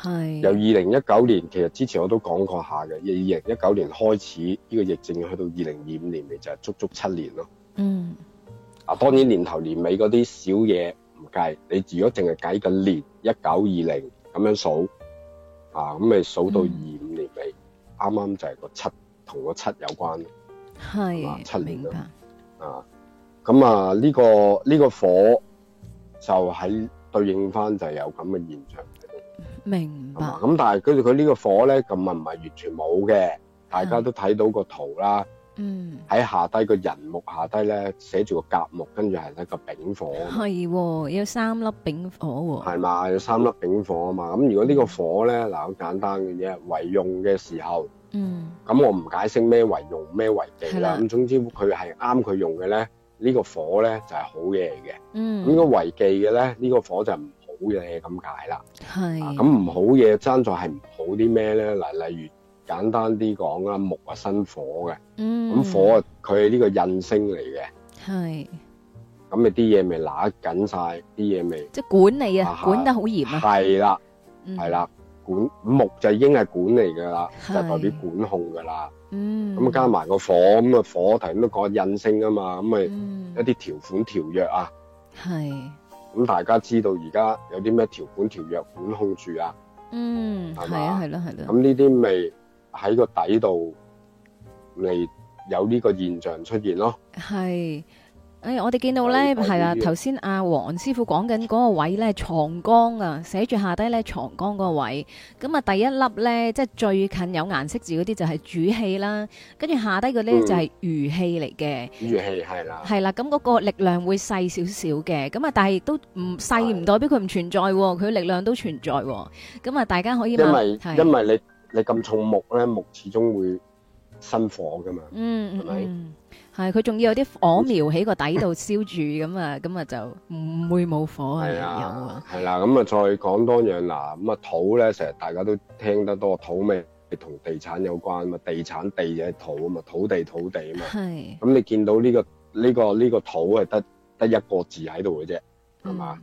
係由二零一九年，其實之前我都講過下嘅，二零一九年開始呢個疫症去到二零二五年，咪就係足足七年咯。嗯。啊、當然年，年頭年尾嗰啲小嘢唔計，你如果淨係計緊年一九二零咁樣數，啊咁咪數到二五年尾，啱、嗯、啱就係個七同個七有關的，係、啊、七年啦，啊咁啊呢、呢個呢、呢個火就喺對應翻就有咁嘅現象，明白？咁但係跟住佢呢個火咧咁啊唔係完全冇嘅，大家都睇到個圖啦。嗯，喺下低個人木下低咧，寫住個甲木，跟住係一個丙火，係、啊，有三粒丙火喎、啊，係嘛，有三粒丙火啊嘛，咁如果呢個火咧，嗱好簡單嘅啫，為用嘅時候，嗯，咁我唔解釋咩為用咩為忌啦，咁、啊、總之佢係啱佢用嘅咧，呢個火咧就係好嘢嘅，嗯，咁如果為忌嘅咧，呢個火就唔好嘢咁解啦，係，咁、啊、唔好嘢爭在係唔好啲咩咧，嗱例如。簡單啲講啦，木啊生火嘅，咁火啊佢係呢個印星嚟嘅，係咁你啲嘢咪揦緊晒啲嘢咪，即係管理啊，管得好嚴啊，係啦係啦，管木就已經係管理噶啦，就代表管控噶啦，嗯，咁加埋個火咁啊火，頭先都講印星啊嘛，咁咪一啲條款條約啊，係，咁大家知道而家有啲咩條款條約管控住啊，嗯，係咪啊係咯係咯，咁呢啲咪。喺個底度嚟，有呢個現象出現咯，係，誒，我哋見到咧係啦，頭先阿黃師傅講緊嗰個位咧藏干啊，寫住下底咧藏干嗰個位，咁啊第一粒咧即係最近有顏色字嗰啲就係主氣啦，跟住下底嗰啲就係餘氣嚟嘅，餘氣係啦，係啦，咁嗰個力量會細少少嘅，咁啊但係都唔細，唔代表佢唔存在，佢力量都存在，咁啊大家可以因為因為你。你咁重木咧，木始終會生火噶嘛？嗯，係咪？係佢仲要有啲火苗喺個底度燒住咁 啊，咁啊就唔會冇火係有啊。係啦，咁啊、嗯、再講多樣嗱，咁、嗯、啊土咧成日大家都聽得多，土咩，同地產有關啊嘛，地產地就係土啊嘛，土地土地啊嘛。係。咁、嗯、你見到呢、呢個呢、呢個呢、呢個土係得得一個字喺度嘅啫，係嘛？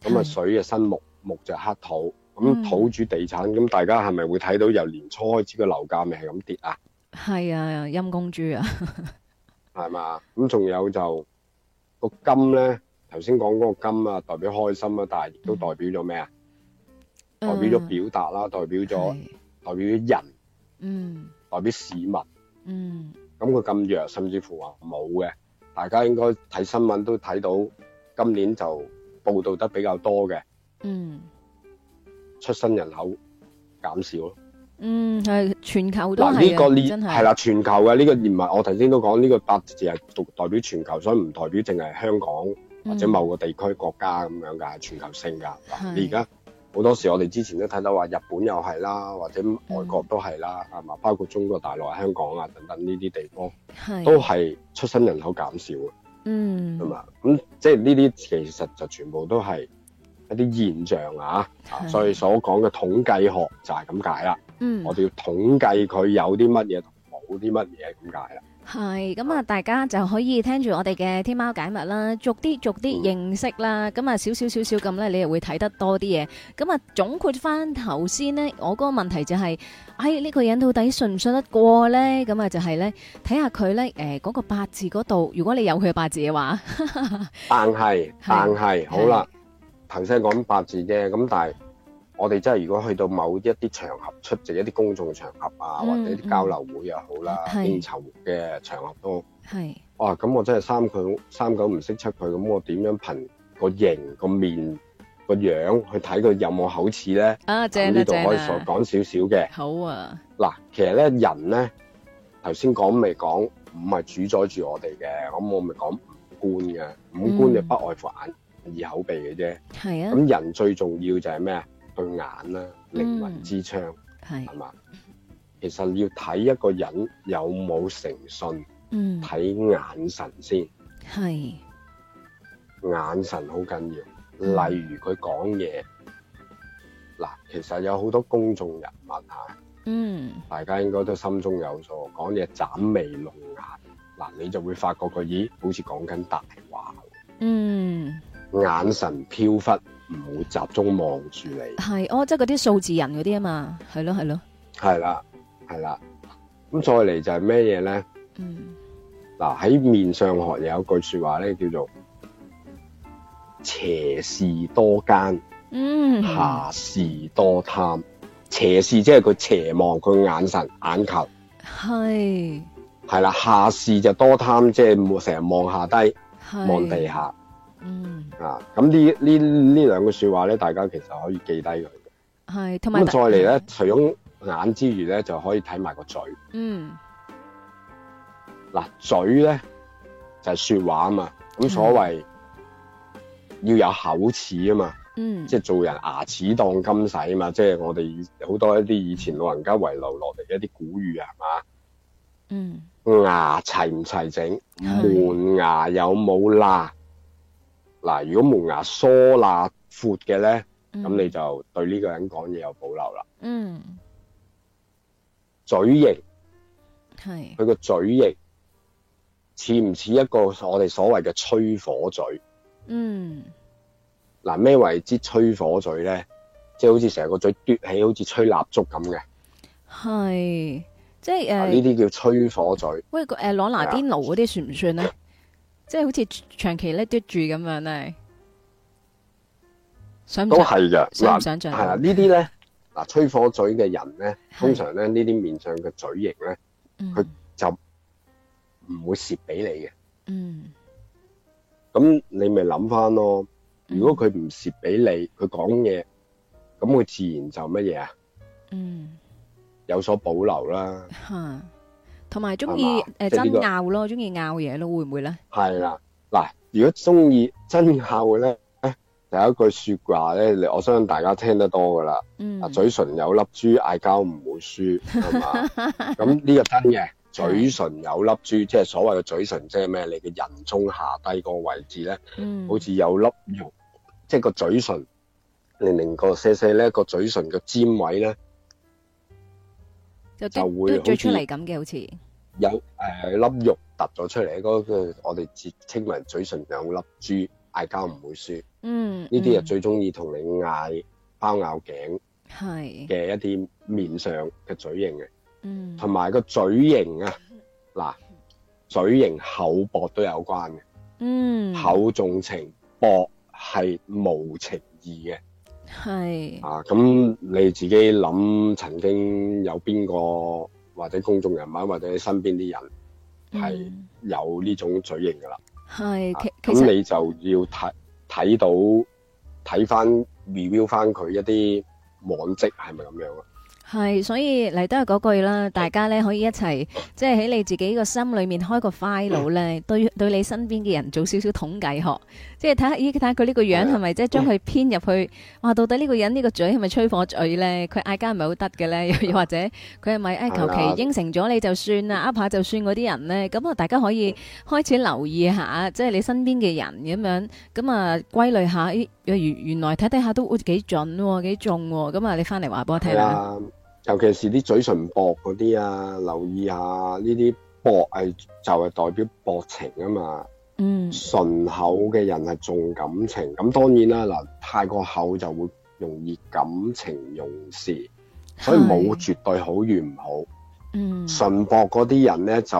咁、嗯、啊水就生木，木就克土。咁土主地產咁，大家係咪會睇到由年初開始嘅樓價咪係咁跌啊？係啊，陰公豬啊，係嘛？咁仲有就個金咧，頭先講嗰個金啊，代表開心啊，但係亦都代表咗咩啊？代表咗表達啦，代表咗代表啲人，嗯，代表市民，嗯。咁佢咁弱，甚至乎話冇嘅，大家應該睇新聞都睇到，今年就報道得比較多嘅，嗯。出生人口減少咯。嗯，係全球都係，嗱，呢個、你真係係啦，全球嘅呢、呢個唔係我頭先都講呢、呢個八字係代表全球，所以唔代表淨係香港或者某個地區、嗯、國家咁樣㗎，全球性㗎。你而家好多時候我哋之前都睇到話日本又係啦，或者外國都係啦，係嘛？包括中國大陸、香港啊等等呢啲地方，係都係出生人口減少啊。嗯，係嘛？咁即係呢啲其實就全部都係。一啲現象啊，所以所講嘅統計學就係咁解啦。嗯，我哋要統計佢有啲乜嘢同冇啲乜嘢咁解啦。係，咁啊，大家就可以聽住我哋嘅天喵解密啦，逐啲逐啲認識啦。咁、嗯、啊，少少少少咁咧，你又會睇得多啲嘢。咁啊，總括翻頭先呢，我嗰個問題就係、是，哎，呢、這個人到底信唔信，信得過咧？咁啊，就係咧，睇下佢咧，誒、那、嗰個八字嗰度，如果你有佢嘅八字嘅話， 但係，但係，好啦。頭先講八字啫，咁但係我哋真係如果去到某一啲場合出席一啲公眾場合啊，或者啲交流會又好啦，應酬嘅場合多，哇！咁我真係三九三九唔識七佢，咁我點樣憑個形、個面、個樣去睇佢有冇口齒咧？啊，正啊，正啊！呢度可以再講少少嘅。好啊。嗱，其實咧人咧，頭先講未講五係主宰住我哋嘅，咁我咪講五官嘅，五官就不外乎眼、耳口鼻嘅啫，係啊。咁人最重要就係咩啊？對眼啦，靈魂之窗係，係、嗯、嘛？其實要睇一個人有冇誠信，睇、嗯、眼神先係。眼神好緊要、嗯，例如佢講嘢，嗱，其實有好多公眾人物，嗯，大家應該都心中有數，講嘢擠眉弄眼嗱，你就會發覺個咦，好似講緊大話，嗯。眼神飄忽，唔會集中望住你。係，哦，即係嗰啲數字人嗰啲啊嘛，係咯係咯。係啦係啦，咁再嚟就係咩嘢咧？嗯，嗱、啊、喺面上學有一句說話咧，叫做斜視多奸，嗯，下事多貪。斜、嗯、視即係佢斜望佢眼神眼球，係係啦，下事就多貪，即係唔會成日望下低，望地下。嗯啊，咁呢呢呢兩個說話咧，大家其實可以記低佢。係，咁、啊、再嚟咧，除咗眼之餘咧，就可以睇埋個嘴。嗯，嗱，嘴咧就係、是、說話啊嘛，咁所謂要有口齒啊嘛。嗯，即係做人牙齒當金使啊嘛，即係我哋好多一啲以前老人家遺留落嚟一啲古語係、啊、嘛。嗯，牙齊唔齊整，門牙有冇罅？嗱、啊，如果門牙疏辣闊嘅咧，咁、嗯、你就對呢個人講嘢有保留啦。嗯。嘴型係佢個嘴型似唔似一個我哋所謂嘅吹火嘴？嗯。嗱、啊，咩為之吹火嘴咧？即、就、係、是、好似成日個嘴嘟起，好似吹蠟燭咁嘅。係，即係誒。呢、呃、啲、啊、叫吹火嘴。喂、呃，誒朗、呃、拿甸奴嗰啲算唔算咧？即係好似長期咧嘟住咁樣咧，想，想都係嘅、啊，想唔想像？係啊，這些呢啲咧嗱，吹火嘴嘅人咧，通常咧呢啲面上嘅嘴型咧，佢就唔會蝕俾你嘅。嗯。咁你咪諗翻咯，如果佢唔蝕俾你，佢講嘢，咁佢自然就乜嘢啊？嗯。有所保留啦。嚇～同埋中意誒爭拗咯，中意拗嘢咯，會唔會咧？係啦，嗱，如果中意爭拗咧，誒，第一句說話咧，我相信大家聽得多噶啦。嗯。啊，嘴唇有粒珠，嗌交唔會輸，係嘛？咁呢個真嘅。嘴唇有粒珠，即係所謂嘅嘴唇，即係咩？你嘅人中下低個位置咧，嗯，好似有粒肉，即係個嘴唇，零零個斜斜咧，個嘴唇嘅尖位咧。就，就會好似出嚟咁嘅，好似有誒、呃、粒肉突咗出嚟，嗰、那個我哋稱為嘴唇兩粒珠，嗌交唔會輸。嗯，呢啲係最中意同你嗌包咬頸，係嘅一啲面上嘅嘴型嘅，嗯，同埋個嘴型啊，嗱，嘴型厚薄都有關嘅，嗯，厚重情，薄係無情義嘅。係啊，咁你自己諗，曾經有邊個或者公眾人物或者身邊啲人係有呢種嘴型噶啦。係、嗯，咁、啊、你就要睇睇到睇翻 review 翻佢一啲往績，係咪咁樣啊？係，所以嚟都係嗰句啦。大家咧可以一齊，即係喺你自己個心裏面開個 file 咧，對對你身邊嘅人做少少統計學，即係睇下，咦？睇下佢呢個樣係咪即係將佢編入去、嗯？哇！到底呢個人呢個嘴係咪吹火嘴咧？佢嗌交係咪好得嘅咧？又 或者佢係咪誒求其應承咗你就算啦阿噏下就算嗰啲人咧？咁啊，大家可以開始留意下，即係你身邊嘅人咁樣，咁啊歸類下，咦？原原來睇睇下都幾準喎，幾中喎。咁啊！你翻嚟話俾我聽啦。尤其是啲嘴唇薄嗰啲啊，留意下呢啲薄係就係代表薄情啊嘛。嗯，唇厚嘅人係重感情，咁當然啦嗱，太過厚就會容易感情用事，所以冇絕對好與唔好。嗯，唇薄嗰啲人咧就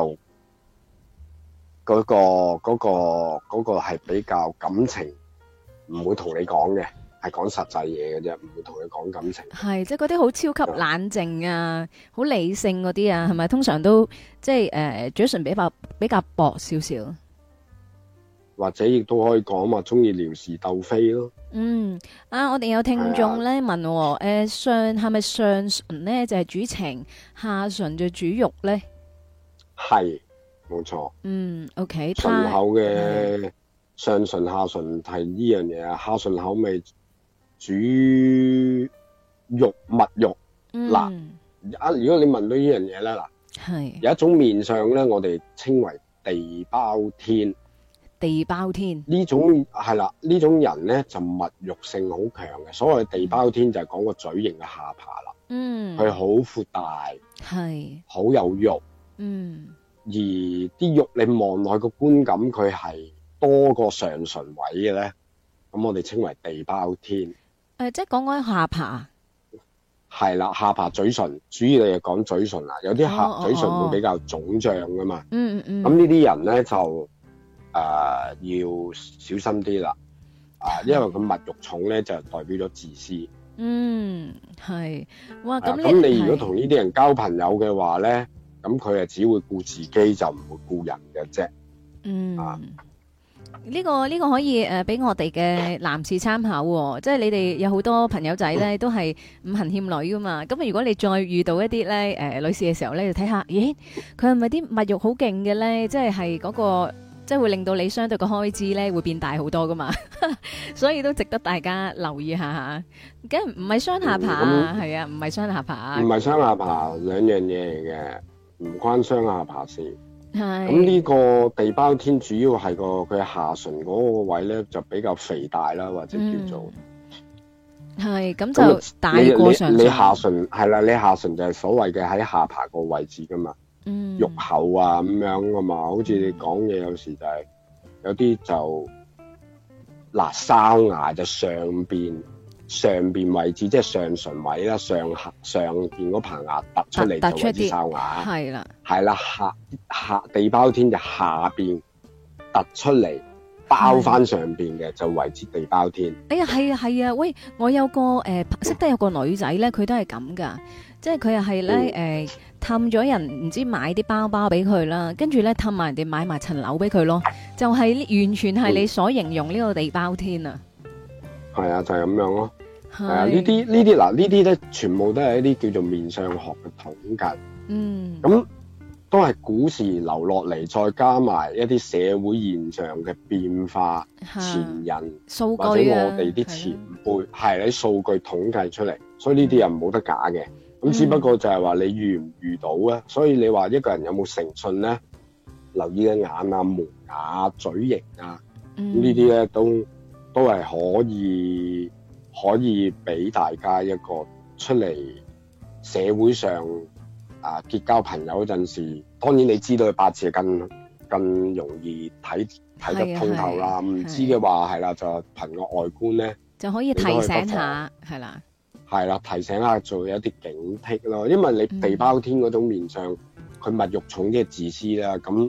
嗰個嗰個嗰個係比較感情唔會同你講嘅。係講實際嘢嘅啫，唔會同佢講感情。係即係嗰啲好超級冷靜啊，好、嗯、理性嗰啲啊，係咪通常都即係誒嘴唇比較比較薄少少，或者亦都可以講嘛，鍾意撩事鬥非咯。嗯啊，我哋有聽眾咧、啊、問，誒、呃、上係咪上唇咧就係、是、主情，下唇就主肉咧？係，冇錯。嗯，OK。唇口嘅上唇下唇係呢樣嘢啊，下唇口味。煮肉物肉嗱，一、嗯、如果你問到這件事呢樣嘢咧嗱，係有一種面相咧，我哋稱為地包天。地包天呢種係、嗯、啦，呢種人咧就物肉性好強嘅。所謂地包天就係講個嘴型嘅下巴啦，嗯，佢、就、好、是嗯、闊大，係好有肉，嗯，而啲肉你望落去個觀感，佢係多過上唇位嘅咧，咁我哋稱為地包天。誒、呃，即係講講下巴，係啦，下巴嘴唇，主要就係講嘴唇啦。有啲下嘴唇會比較腫脹噶嘛哦哦。嗯嗯。咁呢啲人咧就誒、呃、要小心啲啦，啊、呃，因為佢物欲重咧就代表咗自私。嗯，係、嗯。哇，咁咁、嗯、你如果同呢啲人交朋友嘅話咧，咁佢啊只會顧自己，就唔會顧人嘅啫。嗯。啊。呢、這個呢、這個可以誒俾、呃、我哋嘅男士參考、哦，即係你哋有好多朋友仔咧、嗯、都係五行欠女噶嘛，咁如果你再遇到一啲咧誒女士嘅時候咧，就睇下，咦佢係咪啲物欲好勁嘅咧？即係係嗰個即係會令到你相對嘅開支咧會變大好多噶嘛， 所以都值得大家留意一下吓。梗唔係雙下巴，係、嗯嗯、啊，唔係雙下巴，唔係雙下巴，兩樣嘢嚟嘅，唔關雙下巴事。咁呢個地包天主要係個佢下唇嗰個位咧，就比較肥大啦，或者叫做係咁、嗯、就大過上唇。係啦，你下唇就係所謂嘅喺下巴個位置噶嘛、嗯，肉厚啊咁樣噶嘛，好似你講嘢有時就係、是、有啲就嗱哨牙就上邊。上邊位置即係上唇位啦，上上邊嗰棚牙突出嚟突出啲哨牙，係啦，係啦，下下地包天就下邊突出嚟包翻上邊嘅就為之地包天。哎呀，係啊係啊，喂，我有個誒、呃、識得有個女仔咧，佢、嗯、都係咁㗎，即係佢又係咧誒氹咗人唔知買啲包包俾佢啦，跟住咧氹埋人哋買埋層樓俾佢咯，就係、是、完全係你所形容呢個地包天啊！係、嗯、啊，就係、是、咁樣咯。係啊，呢啲呢啲嗱呢啲咧，是是全部都係一啲叫做面相學嘅統計，嗯，咁都係古時留落嚟，再加埋一啲社會現象嘅變化的、前人，數據、啊、或者我哋啲前輩係喺數據統計出嚟，所以呢啲又冇得假嘅。咁、嗯、只不過就係話你遇唔遇到啊？所以你話一個人有冇誠信咧，留意個眼啊、門牙、啊、嘴型啊，嗯、這些呢啲咧都都係可以。可以俾大家一個出嚟社會上啊，結交朋友嗰陣時，當然你知道係八字更更容易睇睇得通透啦。唔知嘅話係啦，就憑個外觀咧就可以提醒一下，係啦，係啦，提醒一下做一啲警惕咯。因為你地包天嗰種面相。嗯佢物欲重即係自私啦，咁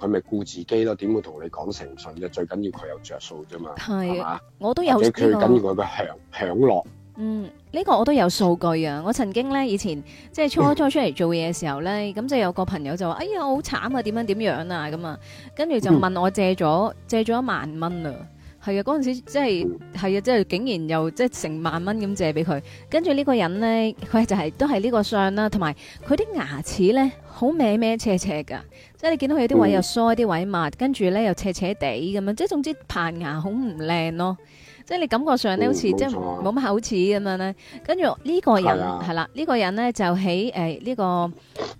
佢咪顧自己咯？點、嗯、會同你講誠信嘅？最緊要佢有着數啫嘛，係嘛？我都有、呢個，最緊要佢嘅享享樂。嗯，呢、呢個我都有數據啊！我曾經咧以前即係初初出嚟做嘢嘅時候咧，咁 就有個朋友就話：哎呀，我好慘啊！點樣點樣啊？咁啊，跟住就問我借咗、嗯、借咗一萬蚊啊！係、就是、啊，嗰陣時即係係啊，即係竟然又即係成萬蚊咁借俾佢，跟住呢個人咧，佢就係都係呢個相啦，同埋佢啲牙齒咧好歪歪斜斜噶，即係你見到佢有啲位又疏，啲位密，跟住咧又斜斜地咁樣，即係總之排牙好唔靚咯。即係你感覺上咧，嗯啊、好似即係冇乜口齒咁樣咧。跟住呢個人係啦，呢、這個人呢個人咧就喺誒呢個嗰、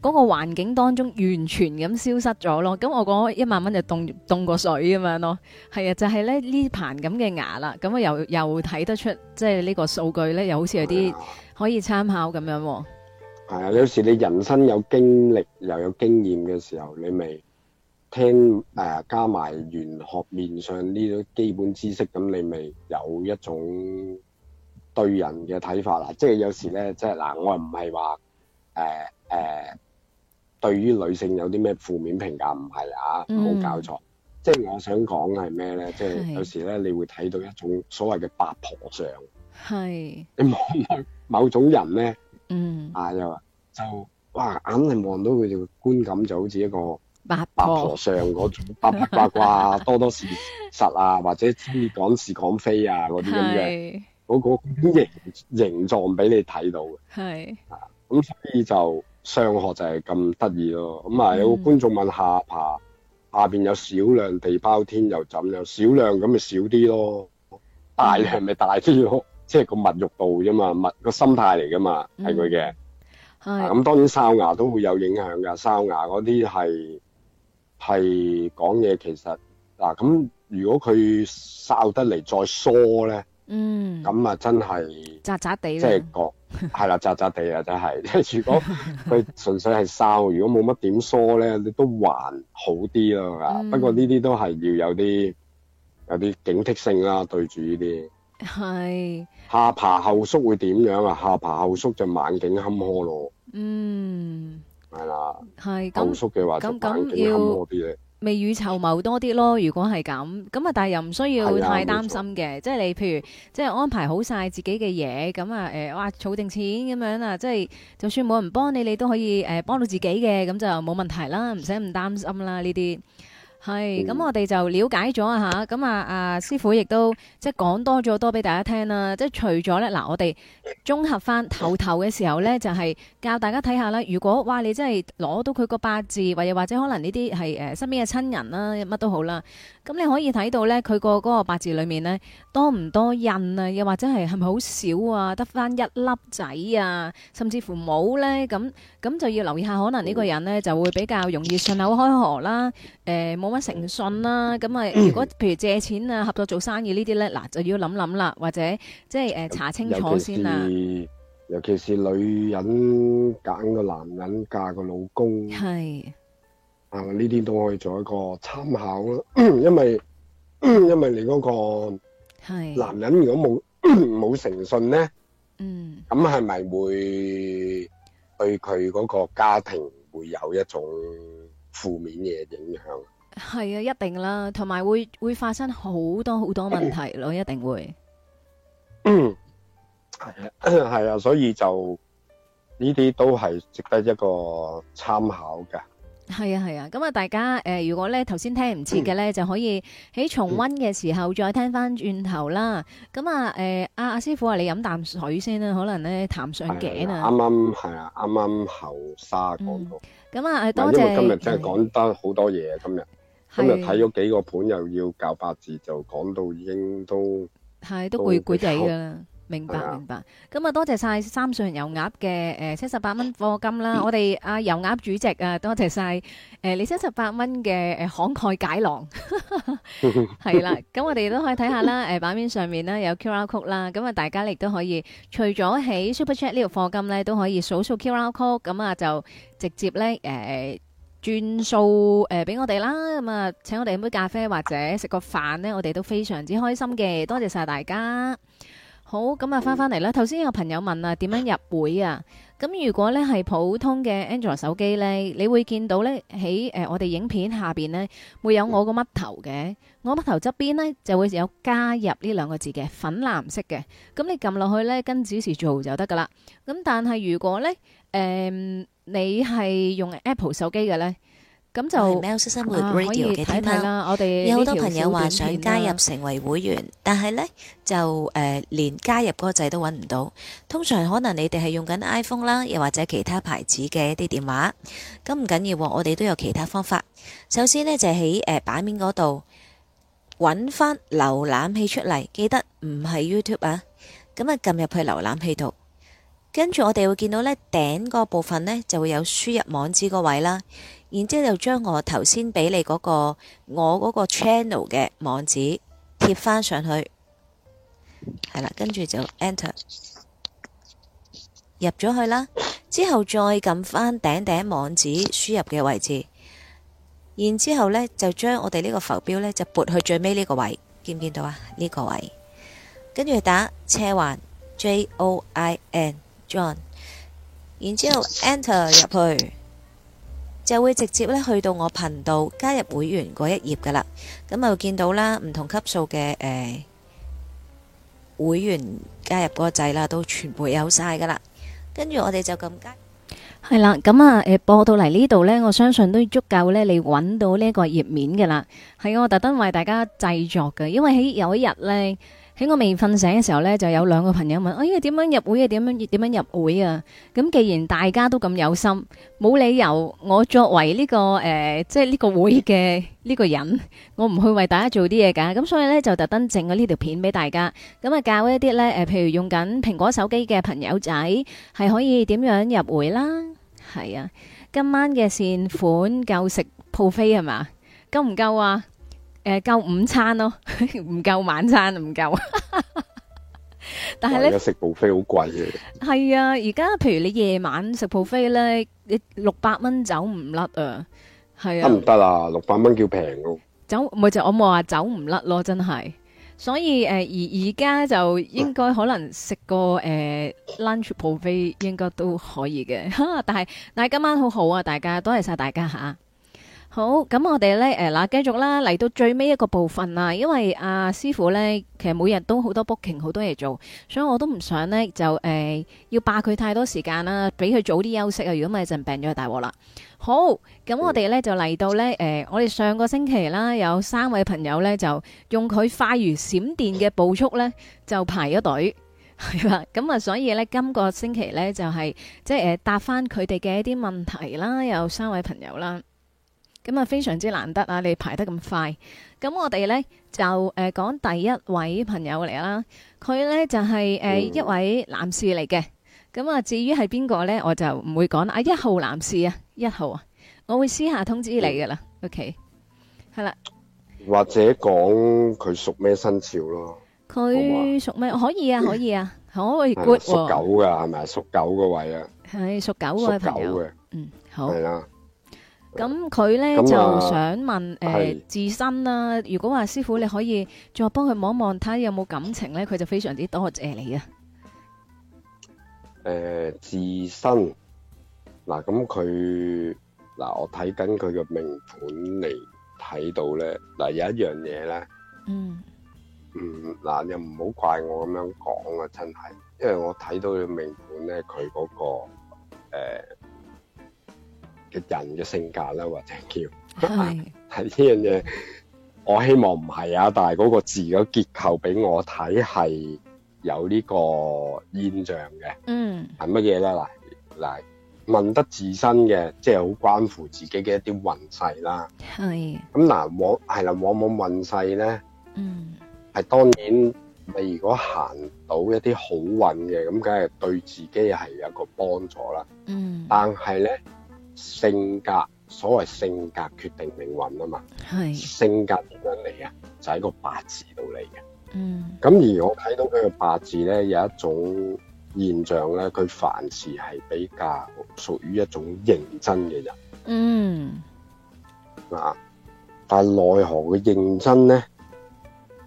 那個嗰個環境當中完全咁消失咗咯。咁我講一萬蚊就凍凍過水咁樣咯。係啊，就係咧呢棚咁嘅牙啦。咁啊又又睇得出，即係呢個數據咧，又好似有啲可以參考咁樣。係啊，有時你人生有經歷又有經驗嘅時候，你咪，聽誒、呃，加埋玄學面上呢啲基本知識，咁你咪有一種對人嘅睇法啦。即係有時咧，即係嗱，我又唔係話誒誒，對於女性有啲咩負面評價，唔係啊，唔好、嗯、搞錯。即係我想講係咩咧？即係有時咧，你會睇到一種所謂嘅八婆相。係。你望某某種人咧，嗯，啊又就哇，硬係望到佢哋嘅觀感就好似一個。八八婆相嗰種八八卦卦多多事實啊， 或者中意講是講非啊，嗰啲咁嘅，嗰、那個形形狀俾你睇到嘅。係啊，咁所以就相學就係咁得意咯。咁啊有個觀眾問下爬下邊有少量地包天又怎樣？少量咁咪少啲咯，大量咪大啲咯，即係、就是、個密欲度啫嘛，密、那個心態嚟噶嘛，係佢嘅。係咁，啊、當然哨牙都會有影響噶，哨牙嗰啲係。係講嘢其實嗱咁、啊嗯就是， 如果佢瘦得嚟再梳咧，嗯，咁啊真係扎扎地即係覺係啦，扎扎地啊真係。如果佢純粹係瘦，如果冇乜點梳咧，你都還好啲咯、嗯。不過呢啲都係要有啲有啲警惕性啦，對住呢啲，係下巴後縮會點樣啊？下巴後縮就晚景坎坷咯。嗯。係啦，要未雨綢繆多啲咯。如果係咁，咁啊，但係又唔需要太擔心嘅，即係你譬如即係安排好晒自己嘅嘢，咁啊，誒、呃，哇，儲定錢咁樣啊，即係就算冇人幫你，你都可以誒、呃、幫到自己嘅，咁就冇問題啦，唔使咁擔心啦，呢啲。係，咁我哋就了解咗吓，咁啊啊師傅亦都即係講多咗多俾大家聽啦，即係除咗咧，嗱我哋綜合翻頭頭嘅時候咧，就係教大家睇下啦。如果哇，你真係攞到佢個八字，或者或者可能呢啲係誒身邊嘅親人啦，乜都好啦。咁你可以睇到咧，佢個嗰個八字裏面咧，多唔多印啊？又或者係係咪好少啊？得翻一粒仔啊，甚至乎冇咧？咁咁就要留意下，可能呢個人咧就會比較容易信口開河啦。誒、呃，冇乜誠信啦、啊。咁啊，如果譬如借錢啊， 合作做生意呢啲，咧，嗱就要諗諗啦，或者即係、啊、誒查清楚先啦、啊、尤其是尤其是女人揀個男人嫁個老公。係。啊！呢啲都可以做一個參考咯，因為因為你嗰個係男人，如果冇冇誠信咧，嗯，咁係咪會對佢嗰個家庭會有一種負面嘅影響？係啊，一定啦，同埋會會發生好多好多問題咯，一定會。嗯，係啊，係啊，所以就呢啲都係值得一個參考嘅。係啊係啊，咁啊大家誒、呃，如果咧頭先聽唔切嘅咧，就可以喺重溫嘅時候再聽翻轉頭啦。咁、嗯呃、啊誒，阿阿師傅話你飲啖水先啦，可能咧痰上頸啊。啱啱係啊，啱啱喉沙講到。咁、嗯、啊，多謝。因為今日真係講得好多嘢，今日、啊啊、今日睇咗幾個盤，又要教八字，就講到已經都係、啊、都攰攰哋噶啦。明白明白，咁啊多謝晒三歲油鴨嘅誒七十八蚊課金啦。 我哋阿油鴨主席啊，多謝晒誒你七十八蚊嘅慷慨解囊係 啦。咁我哋都可以睇下啦。誒 版面上面呢，有 Q R Code 啦，咁啊大家亦都可以除咗喺 Super Chat 呢條課金呢，都可以掃掃 Q R Code。咁啊就直接咧誒轉數誒俾我哋啦。咁啊請我哋飲杯咖啡或者食個飯呢，我哋都非常之開心嘅。多謝晒大家。好，咁啊翻翻嚟啦。頭先有朋友問啊，點樣入會啊？咁如果呢係普通嘅 Android 手機呢，你會見到呢喺誒、呃、我哋影片下邊呢，會有我個嘜頭嘅，我嘜頭側邊呢，就會有加入呢兩個字嘅粉藍色嘅。咁你撳落去呢，跟指示做就得噶啦。咁但係如果呢，誒、呃、你係用 Apple 手機嘅呢？咁就喵式生活 Radio 啊，可以睇啦，我哋有好多朋友話想加入成為會員，但係呢，就誒、呃、連加入個掣都揾唔到。通常可能你哋係用緊 iPhone 啦，又或者其他牌子嘅一啲電話。咁唔緊要，我哋都有其他方法。首先呢，就喺、是、誒、呃、版面嗰度揾翻瀏覽器出嚟，記得唔係 YouTube 啊。咁啊，撳入去瀏覽器度，跟住我哋會見到呢頂嗰部，部分呢，就會有輸入網址個位啦。然之後就將我頭先俾你嗰個我嗰個 channel 嘅網址貼返上去，係啦，跟住就 enter 入咗去啦。之後再撳返頂頂網址輸入嘅位置，然之後呢就將我哋呢個浮標呢就撥去最尾呢個位，見唔見到啊？呢個位，跟住打車環 J O I N John，然之後 enter 入去。就會直接咧去到我頻道加入會員嗰一頁噶啦，咁啊見到啦，唔同級數嘅誒、呃、會員加入個掣啦，都全部有晒噶啦，跟住我哋就咁加係啦，咁啊誒播到嚟呢度呢，我相信都足夠呢。你揾到呢個頁面噶啦，係我特登為大家製作嘅，因為喺有一日呢。喺我未瞓醒嘅時候呢，就有兩個朋友問，哎呀，依家點樣入會啊？點樣點樣入會啊？咁既然大家都咁有心，冇理由我作為呢、這個誒、呃，即係呢個會嘅呢個人，我唔去為大家做啲嘢噶。咁所以呢，就特登整咗呢條片俾大家，咁、嗯、啊教一啲呢，誒、呃，譬如用緊蘋果手機嘅朋友仔係可以點樣入會啦。係啊，今晚嘅善款夠食 buffet 係嘛？夠唔夠啊？誒、呃，夠午餐咯，唔 夠晚餐，唔夠。 但係你而家食 buffet 好貴嘅。係啊，而家譬如你夜晚食 buffet 咧，你六百蚊走唔甩啊，係啊。得唔得啊？六百蚊叫平咯，啊。走唔就我冇話走唔甩咯，真係。所以誒而而家就應該可能食個誒 lunch buffet 應該都可以嘅。 但係但係今晚好好啊，大家多謝晒大家吓。啊好咁，我哋咧誒，嗱，繼續啦，嚟到最尾一個部分啦。因為阿師傅咧，其實每日都好多 booking，好多嘢做，所以我都唔想咧就誒要霸佢太多時間啦，俾佢早啲休息啊。如果唔係一陣病咗就大鑊啦。好咁，我哋咧就嚟到咧誒，我哋上個星期啦，有三位朋友咧就用佢快如閃電嘅步速咧就排咗隊，係啦。咁啊，所以咧今個星期咧就係即係誒答翻佢哋嘅一啲問題啦。有三位朋友啦。咁啊，非常之難得啊！你排得咁快，咁我哋呢就誒講第一位朋友嚟啦，佢呢就係誒一位男士嚟嘅，咁啊至於係邊個呢，我就唔會講啦。啊一號男士啊，一號啊，我會私下通知你噶啦。OK，係啦，或者講佢屬咩生肖咯？佢屬咩？可以啊，可以啊，好，good，屬狗噶係咪啊？屬狗個位啊，係屬狗個位朋友，嗯，好係啊。咁佢咧就想問誒自身啦，如果話師傅你可以再幫佢望一望，睇下有冇感情咧，佢就非常之多謝你啊！誒，自身嗱，咁佢嗱我睇緊佢個命盤嚟睇到咧，嗱有一樣嘢咧，嗯嗯嗱，又唔好怪我咁樣講啊，真係，因為我睇到佢嘅命盤咧，佢嗰個誒。嘅人嘅性格啦，或者叫係係呢樣嘢，我希望唔係啊，但係嗰個字，個結構俾我睇係有呢個現象嘅。嗯，係乜嘢咧？嗱嗱問，得自身嘅，即係好關乎自己嘅一啲運勢啦。係，咁嗱，往係啦，往往運勢咧，嗯，係當然，你如果行到一啲好運嘅，咁梗係對自己係有個幫助啦。嗯，但係咧。性格，所謂性格決定命運啊嘛。係性格點樣嚟嘅？就喺、是、個八字度嚟嘅。嗯。咁而我睇到佢嘅八字咧，有一種現象咧，佢凡事係比較屬於一種認真嘅人。嗯。嗱、啊，但係奈何佢認真咧，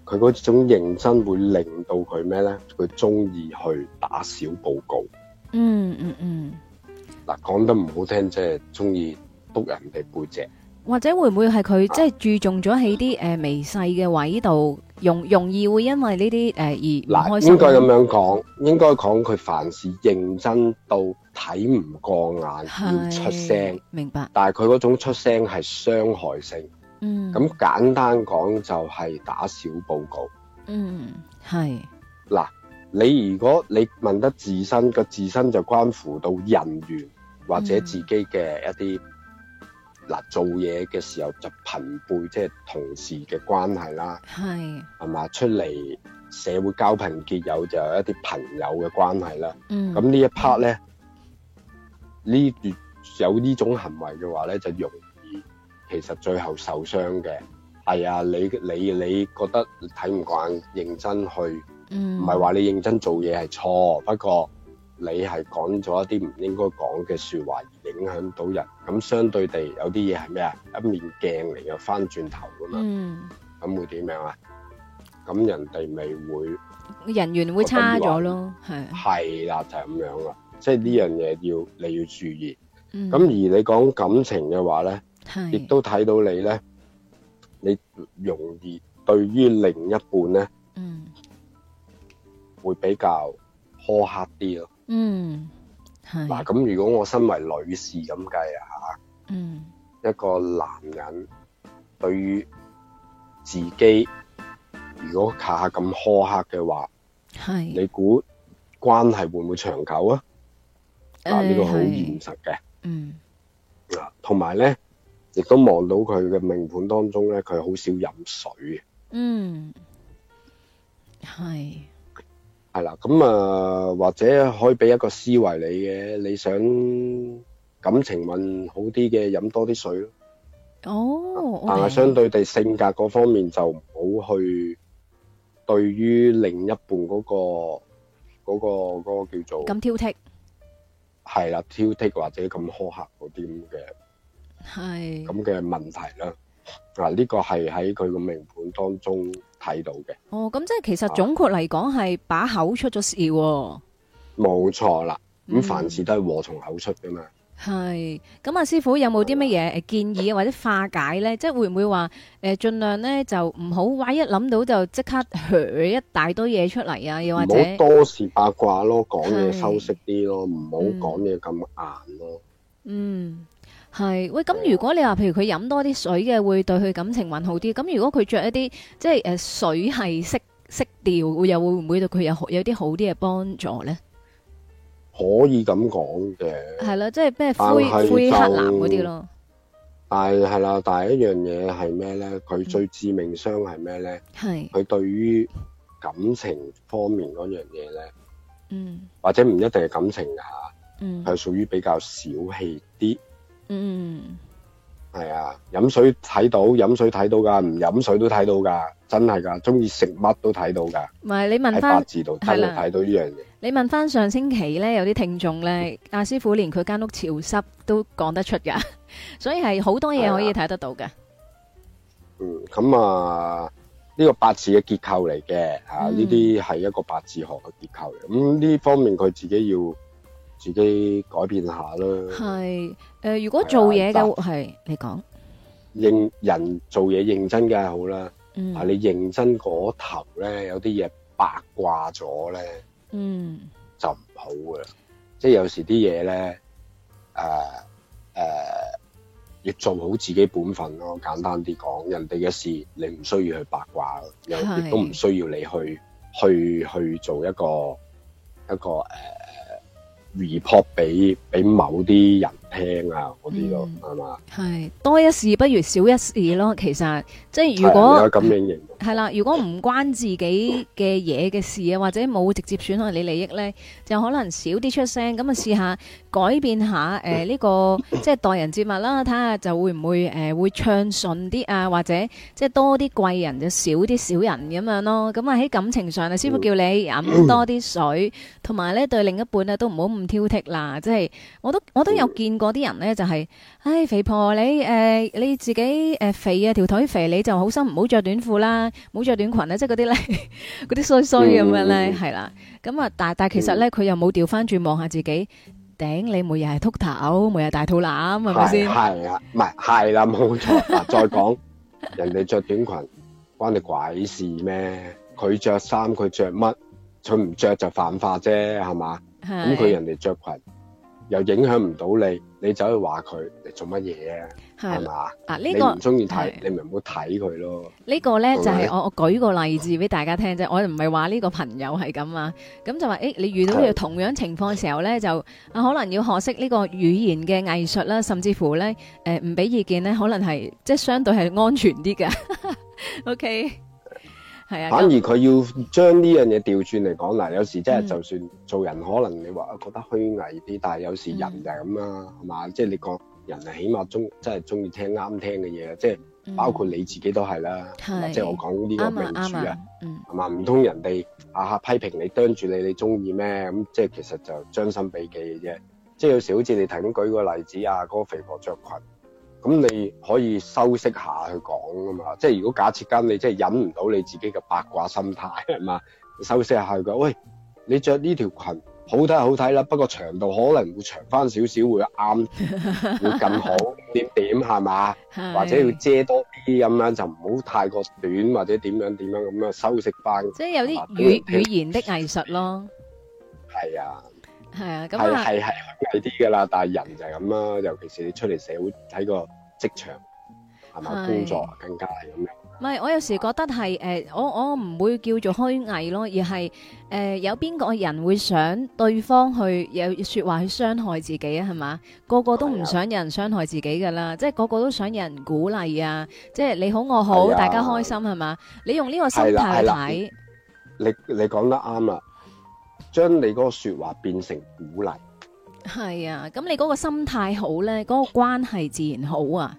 佢嗰種認真會令到佢咩咧？佢中意去打小報告。嗯嗯嗯。嗯嗱，講得唔好聽，即係中意督人哋背脊，或者會唔會係佢、啊、即係注重咗喺啲誒微細嘅位度，容容易會因為呢啲誒而唔開心。嗱，應該咁樣講，應該講佢凡事認真到睇唔過眼要出聲，明白。但係佢嗰種出聲係傷害性，嗯，咁簡單講就係打小報告。嗯，係。嗱，你如果你問得自身，個自身就關乎到人緣。或者自己嘅一啲嗱、嗯、做嘢嘅時候，就朋輩，即係同事嘅關係啦，係係嘛，出嚟社會交朋結友就有一啲朋友嘅關係啦。嗯，咁呢一 part 咧，呢段有呢種行為嘅話咧，就容易，其實最後受傷嘅。係啊，你你你覺得睇唔慣認真去，嗯，唔係話你認真做嘢係錯不過。你係講咗一啲唔應該講嘅説話，而影響到人，咁相對地有啲嘢係咩啊？一面鏡嚟嘅，翻轉頭咁樣，咁會點樣啊？咁人哋咪會人緣會差咗咯，係係啦，就係咁樣啦。即係呢樣嘢要你要注意，咁而你講感情嘅話咧，亦都睇到你咧，你容易對於另一半咧，嗯，會比較苛刻啲咯。嗯，係嗱，咁、啊、如果我身為女士咁計啊吓，嗯，一個男人對於自己如果下下咁苛刻嘅話，係，你估關係會唔會長久啊？啊，呢個好現實嘅，嗯，啊，同埋咧，亦都望到佢嘅命盤當中咧，佢好少飲水，嗯，係。係啦，咁啊，或者可以俾一個思維你嘅，你想感情運好啲嘅，飲多啲水咯。哦，但係相對地性格嗰方面就唔好去對於另一半嗰個嗰個嗰個叫做咁挑剔，係啦，挑剔或者咁苛刻嗰啲咁嘅，係咁嘅問題啦。嗱，呢個係喺佢個命盤當中。睇到嘅。哦，咁即係其實總括嚟講係把口出咗事。哦。冇、啊、錯啦，咁、嗯、凡事都係禍從口出噶嘛。係，咁阿師傅有冇啲乜嘢誒建議或者化解咧？即係會唔會話誒盡量咧就唔好，話一諗到就即刻「噓」一大堆嘢出嚟啊？又或者好多事八卦咯，講嘢修飾啲咯，唔好講嘢咁硬咯。嗯。嗯係喂，咁如果你話，譬如佢飲多啲水嘅，會對佢感情運好啲。咁如果佢着一啲即係誒水係色色調，會又會唔會對佢有有啲好啲嘅幫助咧？可以咁講嘅係啦，即係咩灰灰黑藍嗰啲咯。但係係啦，但係一樣嘢係咩咧？佢最致命傷係咩咧？係佢對於感情方面嗰樣嘢咧，嗯，或者唔一定係感情呀，嗯，係屬於比較小氣啲。嗯，係啊，飲水睇到，飲水睇到噶，唔飲水都睇到噶，真係噶，鍾意食乜都睇到噶。唔係你問返八字度睇到睇到呢樣嘢。你問返上星期咧，有啲聽眾咧，阿師傅連佢間屋潮濕都講得出噶， 所以係好多嘢可以睇得到嘅。嗯，咁啊，呢個八字嘅結構嚟嘅，吓呢啲係一個八字學嘅結構。咁、嗯、呢方面佢自己要。自己改變下啦。係、呃，如果做嘢嘅係，你講認人做嘢認真嘅好啦。嗯，但你認真嗰頭咧，有啲嘢八卦咗咧，嗯，就唔好嘅。即係有時啲嘢咧，誒、呃、誒、呃，要做好自己本分咯。簡單啲講，人哋嘅事你唔需要去八卦，又亦都唔需要你去去去做一個一個誒。呃 report 俾俾某啲人聽啊啲咯，係嘛？係多一事不如少一事咯，其實即係如果有感染型。嗯係啦，如果唔關自己嘅嘢嘅事啊，或者冇直接損害你利益呢，就可能少啲出聲。咁啊，試下改變下誒呢、呃這個即係待人接物啦，睇下就會唔會誒、呃、會暢順啲啊，或者即係多啲貴人就少啲小人咁樣咯。咁啊喺感情上啊，師傅叫你飲多啲水，同埋呢對另一半咧都唔好咁挑剔啦。即係我都我都有見過啲人呢，就係、是。唉，肥婆你誒，你自己誒肥啊，條腿肥，你就好心唔好着短褲啦，唔好着短裙啊，即係嗰啲咧，嗰啲衰衰咁樣咧，係啦。咁啊，但但其實咧，佢又冇調翻轉望下自己，定你每日係禿頭，每日大肚腩，係咪先？係啦，唔係係啦，冇錯。再講人哋着短裙，關你鬼事咩？佢着衫，佢着乜？佢唔着就犯法啫，係嘛？咁佢人哋着裙。又影響唔到你，你走去話佢你做乜嘢啊？係嘛？啊呢個唔中意睇，你咪唔好睇佢咯。這個、呢個咧、okay? 就係我我舉個例子俾大家聽啫。我唔係話呢個朋友係咁啊。咁就話誒、欸，你遇到你同樣情況嘅時候咧，就啊可能要學識呢個語言嘅藝術啦，甚至乎咧誒唔俾意見咧，可能係即係相對係安全啲㗎。 OK。反而佢要將呢樣嘢調轉嚟講嗱，有時真係就算做人，嗯、可能你話覺得虛偽啲，但係有時人就係咁啦，係、嗯、嘛、就是嗯？即係你講人係起碼中，即係中意聽啱聽嘅嘢，即係包括你自己都係啦，即係、就是、我講呢、這個名主、嗯、啊，係、嗯、嘛？唔通人哋下下批評你啄住你，你中意咩？咁即係其實就將心比己嘅啫，即係有時好似你頭先舉個例子啊，嗰、那個肥婆着裙。咁你可以修飾下去講啊嘛，即係如果假設間你真係忍唔到你自己嘅八卦心態係嘛，修飾下佢講，喂，你着呢條裙好睇好睇啦，不過長度可能會長翻少少會啱，會更好點點係嘛？ 或者要遮多啲咁樣，就唔好太過短或者點樣點樣咁樣修飾翻，即係有啲語語言的藝術咯，係啊。係啊，咁係係係虛偽啲噶啦，但係人就係咁啦，尤其是你出嚟社會睇個職場，係嘛、啊、工作更加係咁嘅。唔係，我有時覺得係誒、呃，我我唔會叫做虛偽咯，而係誒、呃、有邊個人會想對方去有說話去傷害自己啊？係嘛，個個都唔想有人傷害自己噶啦、啊，即係個個都想有人鼓勵啊，即係你好我好，是啊、大家開心係嘛。你用呢個心態去睇、啊啊，你你講得啱啦。將你嗰個說話變成鼓勵，係啊！咁你嗰個心態好呢，嗰、那個關係自然好啊！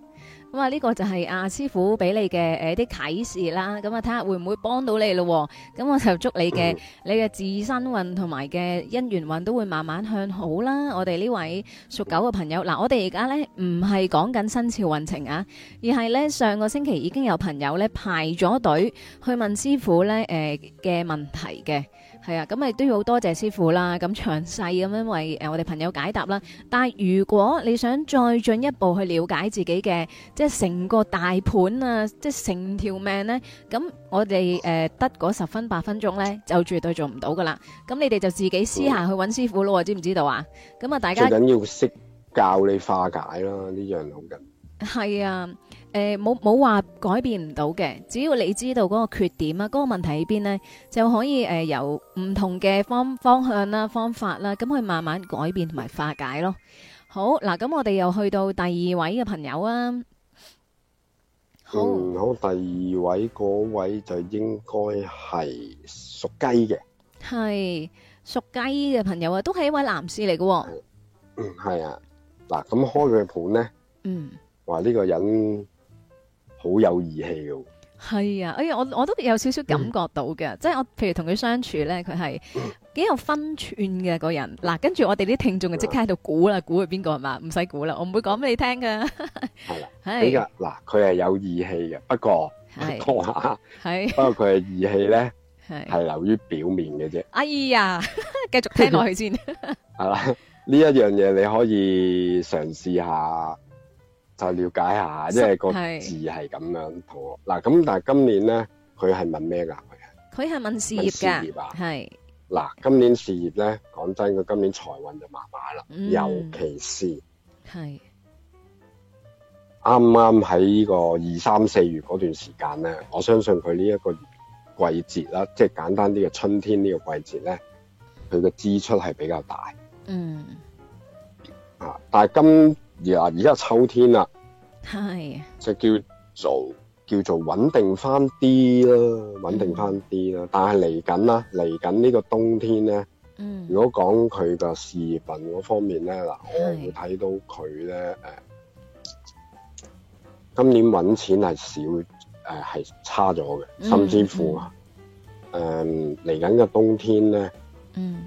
咁啊，呢個就係阿、啊、師傅俾你嘅誒啲啟示啦。咁啊，睇下會唔會幫到你咯？咁我就祝你嘅、嗯、你嘅自身運同埋嘅姻緣運都會慢慢向好啦、啊。我哋呢位屬狗嘅朋友，嗱，我哋而家呢，唔係講緊新潮運程啊，而係呢，上個星期已經有朋友呢，排咗隊去問師傅呢誒嘅、呃、問題嘅。係啊，咁咪都要多謝師傅啦，咁詳細咁樣為誒我哋朋友解答啦。但係如果你想再進一步去了解自己嘅，即係成個大盤啊，即係成條命呢，咁我哋誒、呃、得嗰十分八分鐘呢，就絕對做唔到噶啦。咁你哋就自己私下去揾師傅咯、嗯，知唔知道啊？咁啊，大家最緊要識教你化解啦，呢樣好緊。係啊。誒，冇冇話改變唔到嘅，只要你知道嗰個缺點啊，嗰個問題喺邊呢，就可以誒，由唔同嘅方方向啦，方法啦，咁去慢慢改變同埋化解咯。好，嗱，咁我哋又去到第二位嘅朋友啊。好，好，第二位嗰位就應該係屬雞嘅，係屬雞嘅朋友啊，都係一位男士嚟嘅。係啊，嗱，咁開佢嘅盤呢，嗯，話呢個人，好有義氣嘅，係啊！哎呀，我我都有少少感覺到嘅，即係我譬如同佢相處咧，佢係幾有分寸嘅個人。嗱，跟住我哋啲聽眾就即刻喺度估啦，估係邊個係嘛？唔使估啦，我唔會講俾你聽嘅。係啦，係嗱，佢係有義氣嘅，不過講下，係不過佢係義氣咧，係係流於表面嘅啫。哎呀，繼續聽落去先。係啦，呢一樣嘢你可以嘗試下。就了解下，因為個字係咁樣同我嗱。咁但係今年咧，佢係問咩噶？佢係問事業噶，係嗱、啊。今年事業咧，講真，佢今年財運就麻麻啦，尤其是係啱啱喺呢個二三四月嗰段時間咧，我相信佢呢一個季節啦，即係簡單啲嘅春天呢個季節咧，佢嘅支出係比較大，嗯啊，但係今而、yeah, 家秋天啦，係，就叫做叫做穩定翻啲啦，穩定翻啲啦。Mm -hmm. 但係嚟緊啦，嚟緊呢個冬天咧，嗯、mm -hmm.，如果講佢個事業份嗰方面咧，嗱，我會睇到佢咧，誒、mm -hmm. 呃，今年搵錢係少，誒、呃、係差咗嘅，甚至乎，誒嚟緊嘅冬天咧，嗯，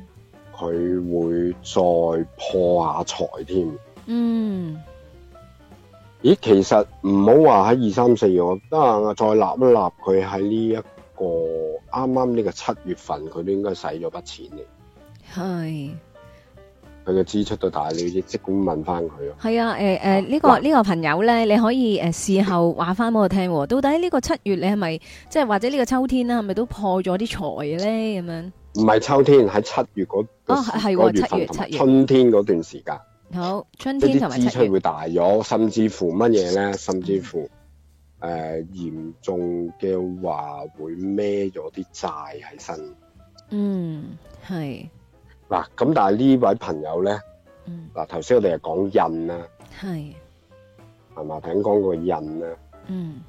佢會再破下財添。嗯，咦，其實唔好話喺二三四月，得閒、啊、再納一納佢喺呢一個啱啱呢個七月份，佢都應該使咗筆錢嚟。係，佢嘅支出都大啲，即咁問翻佢咯。係啊，誒、呃、誒，呢、呃呢個呢、呢個朋友咧，你可以誒、呃、事後話翻俾我聽，到底呢個七月你係咪即係或者呢個秋天啦，係咪都破咗啲財咧？咁樣唔係秋天喺七月嗰啊係七、嗰個、月七月，月春天嗰段時間。好，春天同埋秋天，支出會大咗，甚至乎乜嘢咧？甚至乎誒，嚴重嘅話會孭咗啲債喺身。嗯，係、呃。嗱，咁、嗯啊、但係呢位朋友咧，嗱、嗯，頭、啊、先我哋係講印啊，係，係嘛？頭先講個印啊，嗯，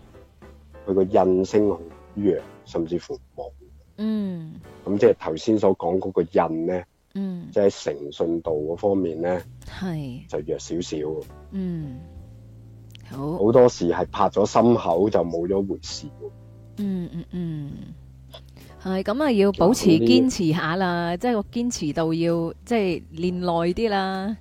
佢個印星好弱，甚至乎冇。嗯。咁即係頭先所講嗰個印咧。嗯，即係誠信度嗰方面咧，係就弱少少。嗯，好，好多時係拍咗心口就冇咗回事。嗯嗯嗯，係咁啊，要保持堅持下啦，即係堅持度要即係練耐啲啦。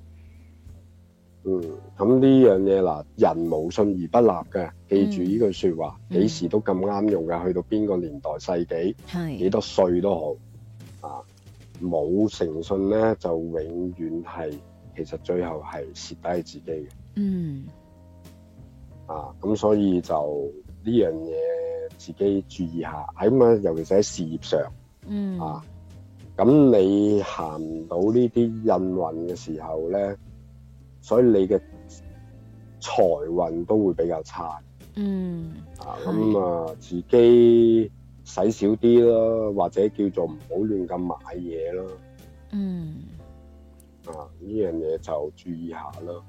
嗯，咁呢樣嘢嗱，人無信而不立嘅，記住呢句說話，幾、嗯嗯、時都咁啱用嘅，去到邊個年代、世紀、世紀，係幾多歲都好啊。冇誠信咧，就永遠係其實最後係蝕低自己嘅。嗯。啊，咁所以就呢樣嘢自己注意下，係嘛？尤其是喺事業上。嗯。啊，咁你行到呢啲印運嘅時候咧，所以你嘅財運都會比較差。嗯。啊，咁啊，自己。使少啲咯，或者叫做唔好亂咁買嘢咯。嗯，啊呢樣嘢就注意下咯。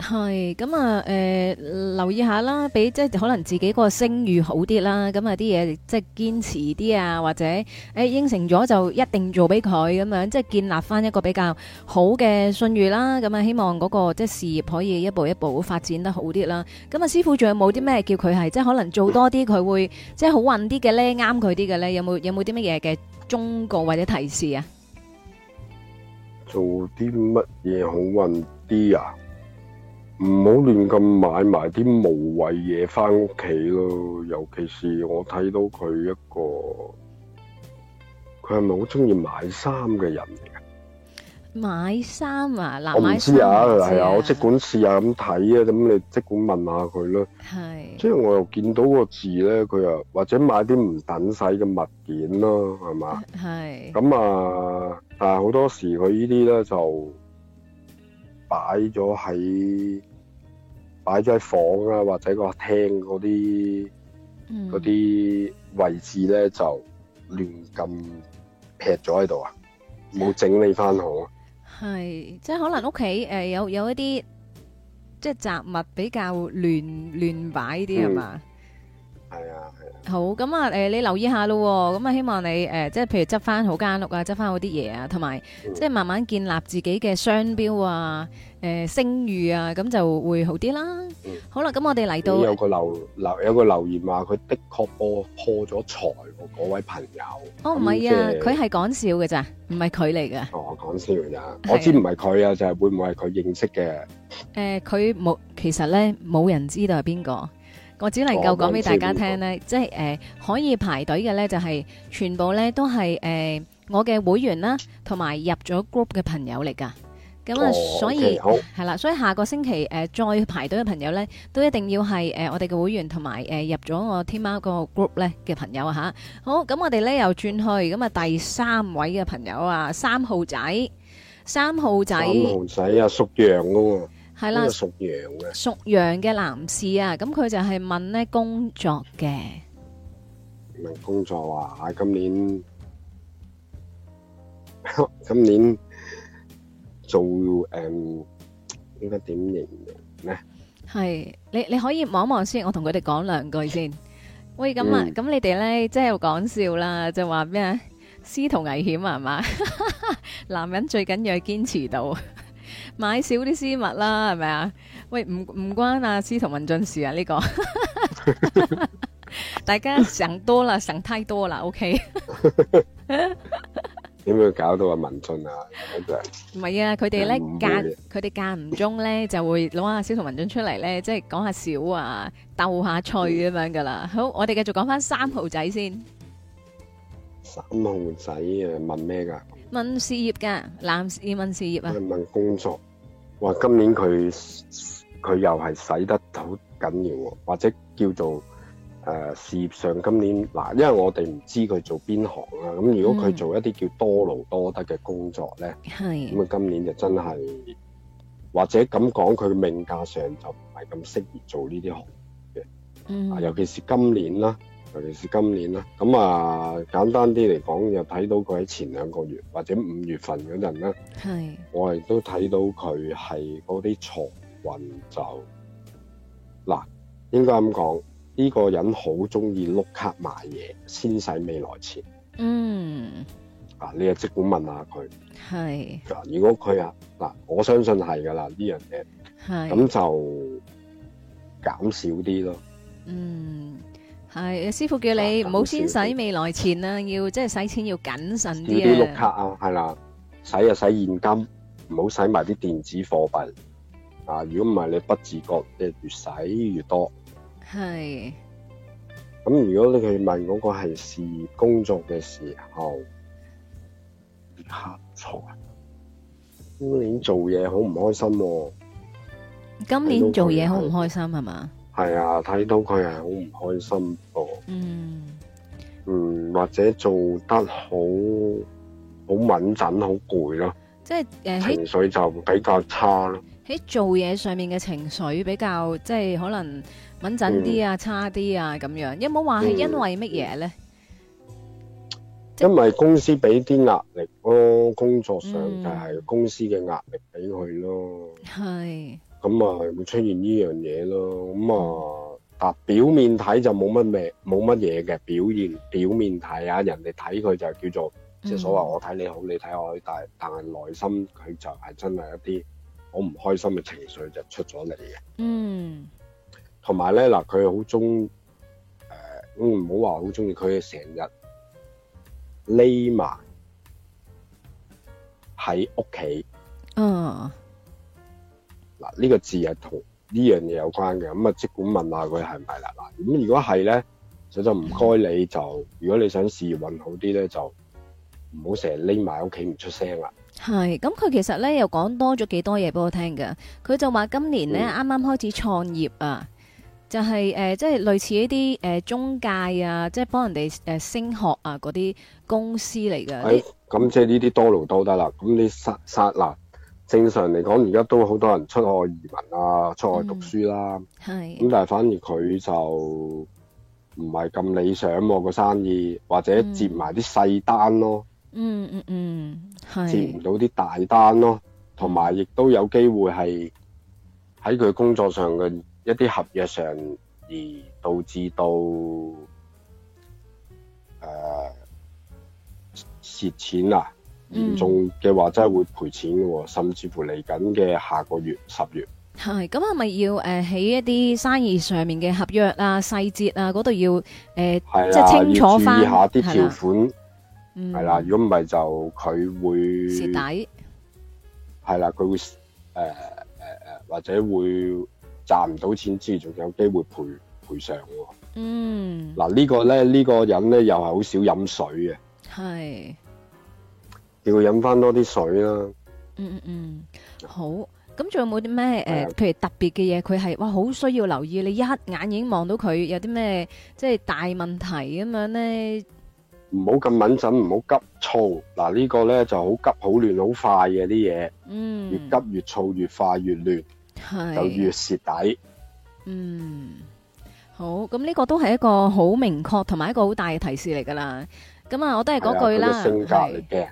係咁啊！誒、呃，留意下啦，俾即係可能自己個聲譽好啲啦。咁啊，啲嘢即係堅持啲啊，或者誒、欸、應承咗就一定做俾佢咁樣，即係建立翻一個比較好嘅信譽啦。咁啊，希望嗰、那個即係事業可以一步一步發展得好啲啦。咁啊，師傅仲有冇啲咩叫佢係即係可能做多啲佢會 即係好運啲嘅咧？啱佢啲嘅咧？有冇有冇啲乜嘢嘅忠告或者提示啊？做啲乜嘢好運啲啊？唔好亂咁買埋啲無謂嘢翻屋企咯，尤其是我睇到佢一個，佢係咪好中意買衫嘅人嚟嘅？買衫啊,啊,啊,啊，我唔知啊，係啊，我即管試下咁睇啊，咁你即管問下佢咯。係，即係我又見到個字咧，佢又，或者買啲唔等使嘅物件啦，係嘛？係。咁啊，但係好多時佢呢啲咧就擺咗喺。擺咗喺房啊，或者個廳嗰啲，嗯，嗰啲位置咧就亂咁劈咗喺度啊，冇整理翻好。啊。係，即係可能屋企誒有有一啲即係雜物比較亂亂擺啲啊嘛？係、嗯、啊。好咁啊，誒、呃，你留意下咯，咁、嗯、啊，希望你誒，即、呃、係譬如執翻好間屋啊，執翻嗰啲嘢啊，同埋、嗯、即係慢慢建立自己嘅商標啊，誒、呃，聲譽啊，咁、嗯嗯、就會好啲啦。好啦，咁我哋嚟到有，有個留留有個留言話，佢的確破破咗財，嗰位朋友。哦，唔、嗯、係啊，佢係講笑嘅咋，唔係佢嚟嘅。我、哦、講笑咋、啊，我知唔係佢啊，就係、是、會唔會係佢認識嘅？誒、呃，佢冇，其實咧冇人知道係邊個。我只能夠講俾大家聽咧、哦，即係誒、呃、可以排隊嘅咧，就係、是、全部咧都係誒、呃、我嘅會員啦，同埋入咗 group 嘅朋友嚟噶。咁啊、哦，所以係啦、okay，所以下個星期誒、呃、再排隊嘅朋友咧，都一定要係誒、呃、我哋嘅會員同埋誒入咗我天喵個 group 咧嘅朋友啊吓。好，咁我哋咧又轉去咁啊、呃、第三位嘅朋友啊，三號仔，三號仔，三號仔啊屬羊噶喎。係啦，屬羊嘅屬羊嘅男士啊，咁佢就係問咧工作嘅。問工作啊，今年，今年做誒應該點形容咧？係你你可以望一望先，我同佢哋講兩句先。喂，咁啊，咁你哋咧即係講笑啦，就話咩？司徒危險係嘛？男人最緊要係堅持到。買少啲私物啦，係咪啊？喂，唔唔關阿司徒文進事啊！呢個大家想多啦，想太多啦。OK，點樣搞到阿文進啊？唔係啊，佢哋咧間佢哋間唔中咧就會攞阿司徒文進出嚟，咧，即係講下笑啊，逗下趣咁樣噶啦。好，我哋繼續講翻三號仔先。三號仔啊，問咩噶？問事業噶，男士問事業啊？問工作，哇！今年佢佢又係使得好緊要喎，或者叫做誒事業上今年嗱，因為我哋唔知佢做邊行啦。咁如果佢做一啲叫多勞多得嘅工作咧，咁啊今年就真係或者咁講，佢命格上就唔係咁適宜做呢啲行嘅，啊尤其是今年啦。尤其是今年，啊，是是啦，咁啊簡單啲嚟講，又睇到佢喺前兩個月或者五月份嗰陣啦，係我亦都睇到佢係嗰啲財運就嗱，應該咁講，呢個人好中意碌卡買嘢，先使未來錢。嗯，嗱，啊，你啊，即管問下佢。係嗱，如果佢啊嗱，我相信係噶啦，呢樣嘢，係咁就減少啲咯。嗯。係，師傅叫你唔好、啊、先使未來錢啊！要即係使錢要謹慎啲啊，啊，啊！要碌卡啊，係啦，使就使現金，唔好使埋啲電子貨幣啊！如果唔係，你不自覺，你越使越多。係。咁如果你去問嗰個係事業工作嘅時候，吓、啊、財。今年做嘢好唔開心咯、啊。今年做嘢好唔開心係、啊、嘛？看係啊，睇到佢係好唔開心噃，嗯，嗯，或者做得好好穩陣，好攰咯，即係誒情緒就比較差咯，喺做嘢上面嘅情緒比較即係可能穩陣啲啊，差啲啊咁樣，有冇話係因為乜嘢咧？因為公司俾啲壓力咯，工作上就係公司嘅壓力俾佢咯，係。咁啊，會出現呢樣嘢咯。咁啊、嗯，但表面睇就冇乜咩，冇乜嘢嘅表現。表面睇啊，人哋睇佢就叫做即係、就是、所謂我睇你好，你睇我。但係但係內心佢就係真係一啲好唔開心嘅情緒就出咗嚟嘅。嗯。同埋咧，嗱，佢好中誒，唔好話好鍾意，佢成日匿埋喺屋企。嗯。嗱，呢個字係同呢樣嘢有關嘅，咁啊即管問下佢係唔係啦。咁如果係咧，就就唔該你就。就如果你想事業運好啲咧，就唔好成日匿埋屋企唔出聲啦。係，咁佢其實咧又講多咗幾多嘢俾我聽嘅。佢就話今年咧啱啱開始創業啊，就係、是、誒、呃，即係類似呢啲誒中介啊，即係幫人哋誒升學啊嗰啲公司嚟嘅。咁、哎、即係呢啲多勞多得啦。咁你殺殺嗱。正常嚟講，而家都好多人出外移民啊，出外讀書啦、啊。係、嗯。咁但係反而佢就唔係咁理想喎、啊、個生意，或者接埋啲細單咯。嗯嗯嗯，係、嗯。接唔到啲大單咯，同埋亦都有機會係喺佢工作上嘅一啲合約上，而導致到誒蝕、嗯嗯嗯啊、錢啊！嚴重嘅話真係會賠錢嘅、嗯，甚至乎嚟緊嘅下個月十月。係咁，係咪要誒喺、呃、一啲生意上面嘅合約啊、細節啊嗰度要誒，即、呃、係、啊就是、清楚翻一下啲條款。係啦、啊，如果唔係就佢會蝕底。係啦、啊，佢會誒誒誒，或者會賺唔到錢之餘，仲有機會賠賠償嗯。嗱、啊這個、呢個咧，呢、這個人咧又係好少飲水嘅。係。要飲翻多啲水啦。嗯嗯嗯，好。咁仲有冇啲咩誒？譬如特別嘅嘢，佢係哇，好需要留意。你一眼已經望到佢有啲咩，即係大問題咁樣咧。唔好咁謹慎，唔好急躁。嗱，呢個咧就好急、好亂、好快嘅啲嘢。嗯，越急越躁越快越亂，就越蝕底。嗯，好。咁呢個都係一個好明確同埋一個好大嘅提示嚟噶啦。咁啊，我都係嗰句啦，係。性格嚟嘅。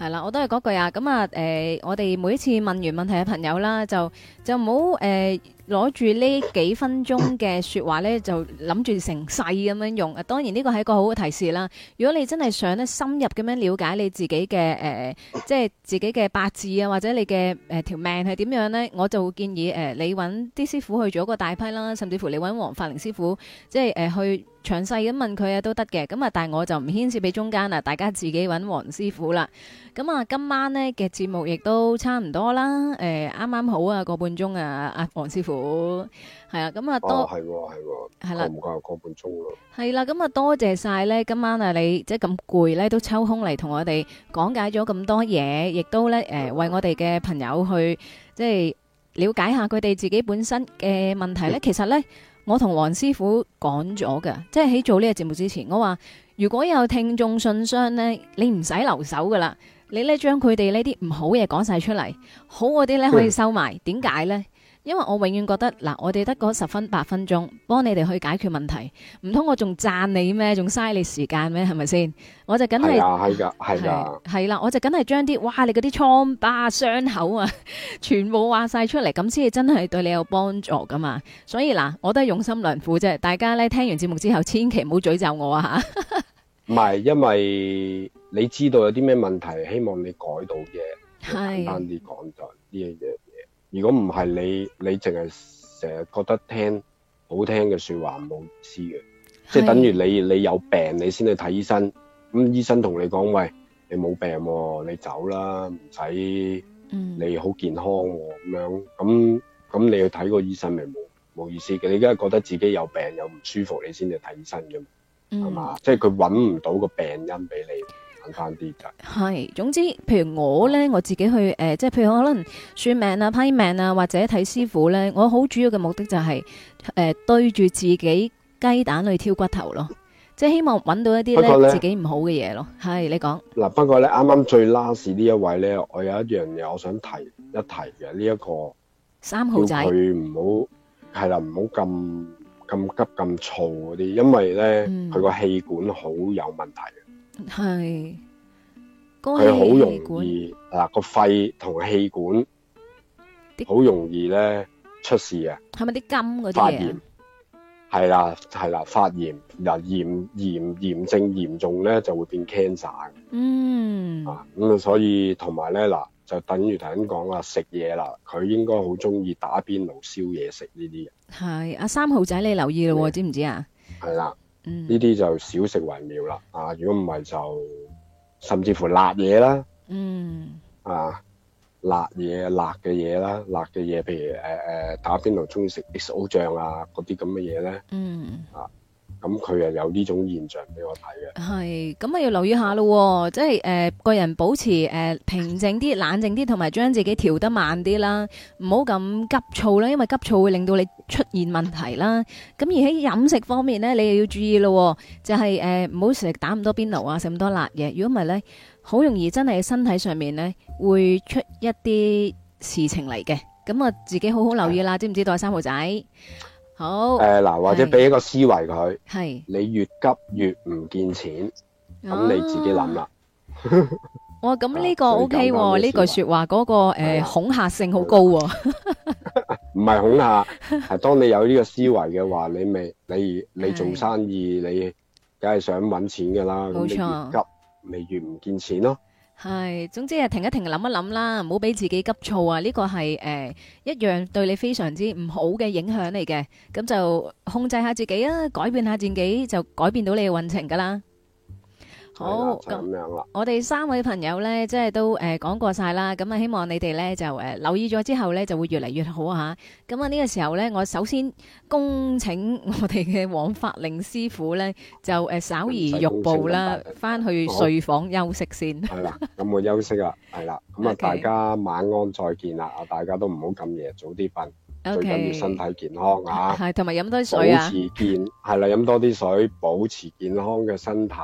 係啦，我都係嗰句啊！咁啊，誒、呃，我哋每一次問完問題嘅朋友啦，就。就唔好誒攞住呢幾分鐘嘅說話咧，就諗住成世咁樣用。啊，當然呢個係一個好嘅提示啦。如果你真係想咧深入咁樣了解你自己嘅誒、呃、即係自己嘅八字啊，或者你嘅誒、呃、條命係點樣咧，我就會建議誒、呃、你揾啲師傅去做一個大批啦，甚至乎你揾黃法寧師傅，即係誒、呃、去詳細咁問佢啊都得嘅。咁啊，但係我就唔牽涉俾中間啦，大家自己揾黃師傅啦。咁啊，今晚咧嘅節目亦都差唔多啦。誒啱啱好啊個半。半鐘啊！阿黃師傅係啊，咁啊多係係係啦，唔夠個半鐘咯。係啦，咁啊多謝晒咧，今晚啊你即係咁攰咧，都抽空嚟同我哋講解咗咁多嘢，亦都咧誒為我哋嘅朋友去即係了解下佢哋自己本身嘅問題咧。其實咧，我同黃師傅講咗噶，即係喺做呢個節目之前，我話如果有聽眾信箱咧，你唔使留守噶啦。你咧將佢哋呢啲唔好嘢講晒出嚟，好嗰啲咧可以收埋。點解呢？ 因為我永遠覺得嗱，我哋得嗰十分八分鐘，幫你哋去解決問題，唔通我仲讚你咩？仲嘥你時間咩？係咪先？我就梗係係啊，係啦，我就梗係將啲哇你嗰啲瘡疤傷口啊，全部話晒出嚟，咁先至真係對你有幫助噶嘛。所以嗱，我都係用心良苦啫。大家咧聽完節目之後，千祈唔好咀咒我啊吓。 唔係，因為你知道有啲咩問題，希望你改到嘅，簡單啲講就係呢樣嘢。如果唔係你，你淨係成日覺得聽好聽嘅説話冇意思嘅，即係等於你你有病你先去睇醫生，咁醫生同你講，喂，你冇病喎、啊，你走啦，唔使你好健康喎、啊、咁、嗯、樣，咁咁你去睇個醫生咪冇冇意思嘅。你而家覺得自己有病有唔舒服，你先去睇醫生嘅。是嗯、即係佢揾唔到個病因俾你簡單啲嘅。係總之，譬如我咧，我自己去誒，即、呃、係譬如我可能算命啊、批命啊，或者睇師傅咧，我好主要嘅目的就係、是、誒、對、呃、住自己雞蛋去挑骨頭咯，即係希望揾到一啲咧自己唔好嘅嘢咯。係，你講嗱，不過咧啱啱最 last 呢一位咧，我有一樣嘢我想提一提嘅，呢、這、一個三號仔，叫佢唔好係啦，唔好咁。咁急咁燥嗰啲，因為咧佢個氣管好有問題嘅，係佢好容易嗱個、啊、肺同氣管好容易咧出事嘅，係咪啲金嗰啲發炎係啦係啦發炎嗱炎炎炎症，嚴重咧就會變 cancer 嘅，嗯啊咁啊，所以同埋咧嗱。就等於頭先講啦，食嘢啦，佢應該好中意打邊爐燒嘢食呢啲嘅。係啊，三號仔你留意咯喎、啊，知唔知啊？係啦，呢、嗯、啲就少食為妙啦。啊，如果唔係就甚至乎辣嘢啦。嗯。啊，辣嘢、辣嘅嘢啦，辣嘅嘢，譬如誒誒、呃、打邊爐中意食 XO 醬啊，嗰啲咁嘅嘢咧。嗯。啊。咁佢又有呢種現象俾我睇嘅，係咁啊，要留意下咯，即係誒、呃、個人保持誒、呃、平靜啲、冷靜啲，同埋將自己調得慢啲啦，唔好咁急躁啦，因為急躁會令到你出現問題啦。咁而喺飲食方面呢，你又要注意咯，就係誒唔好成日打咁多邊爐啊，食咁多辣嘢，如果唔係呢，好容易真係身體上面呢會出一啲事情嚟嘅。咁啊自己好好留意啦，知唔知道三號仔？好誒，嗱、呃、或者俾一個思維佢，係你越急越唔見錢，咁你自己諗啦。啊、 哇，咁呢個 O K 喎，呢、哦、句說話嗰、那個誒、呃啊、恐嚇性好高喎、哦。唔 係 恐嚇，係、 啊、當你有呢個思維嘅話，你未你你，你做生意，你梗係想搵錢噶啦，冇錯，咁你越急，你越唔見錢咯。係，總之啊，停一停，諗一諗啦，唔好俾自己急躁啊！呢個係誒一樣對你非常之唔好嘅影響嚟嘅，咁就控制下自己啊，改變下自己就改變到你嘅運程噶啦。好咁樣啦。我哋三位朋友咧，即係都誒講過晒啦。咁啊，希望你哋咧就誒留意咗之後咧，就會越嚟越好吓。咁啊，呢個時候咧，我首先恭請我哋嘅黃法寧師傅咧，就誒稍移玉步啦，翻去睡房休息先。係啦，咁我休息啦，係啦。咁啊，大家晚安，再見啦。啊，大家都唔好咁夜，早啲瞓，最緊要身體健康吓，係同埋飲多啲水啊，保持健係啦，飲多啲水，保持健康嘅身體。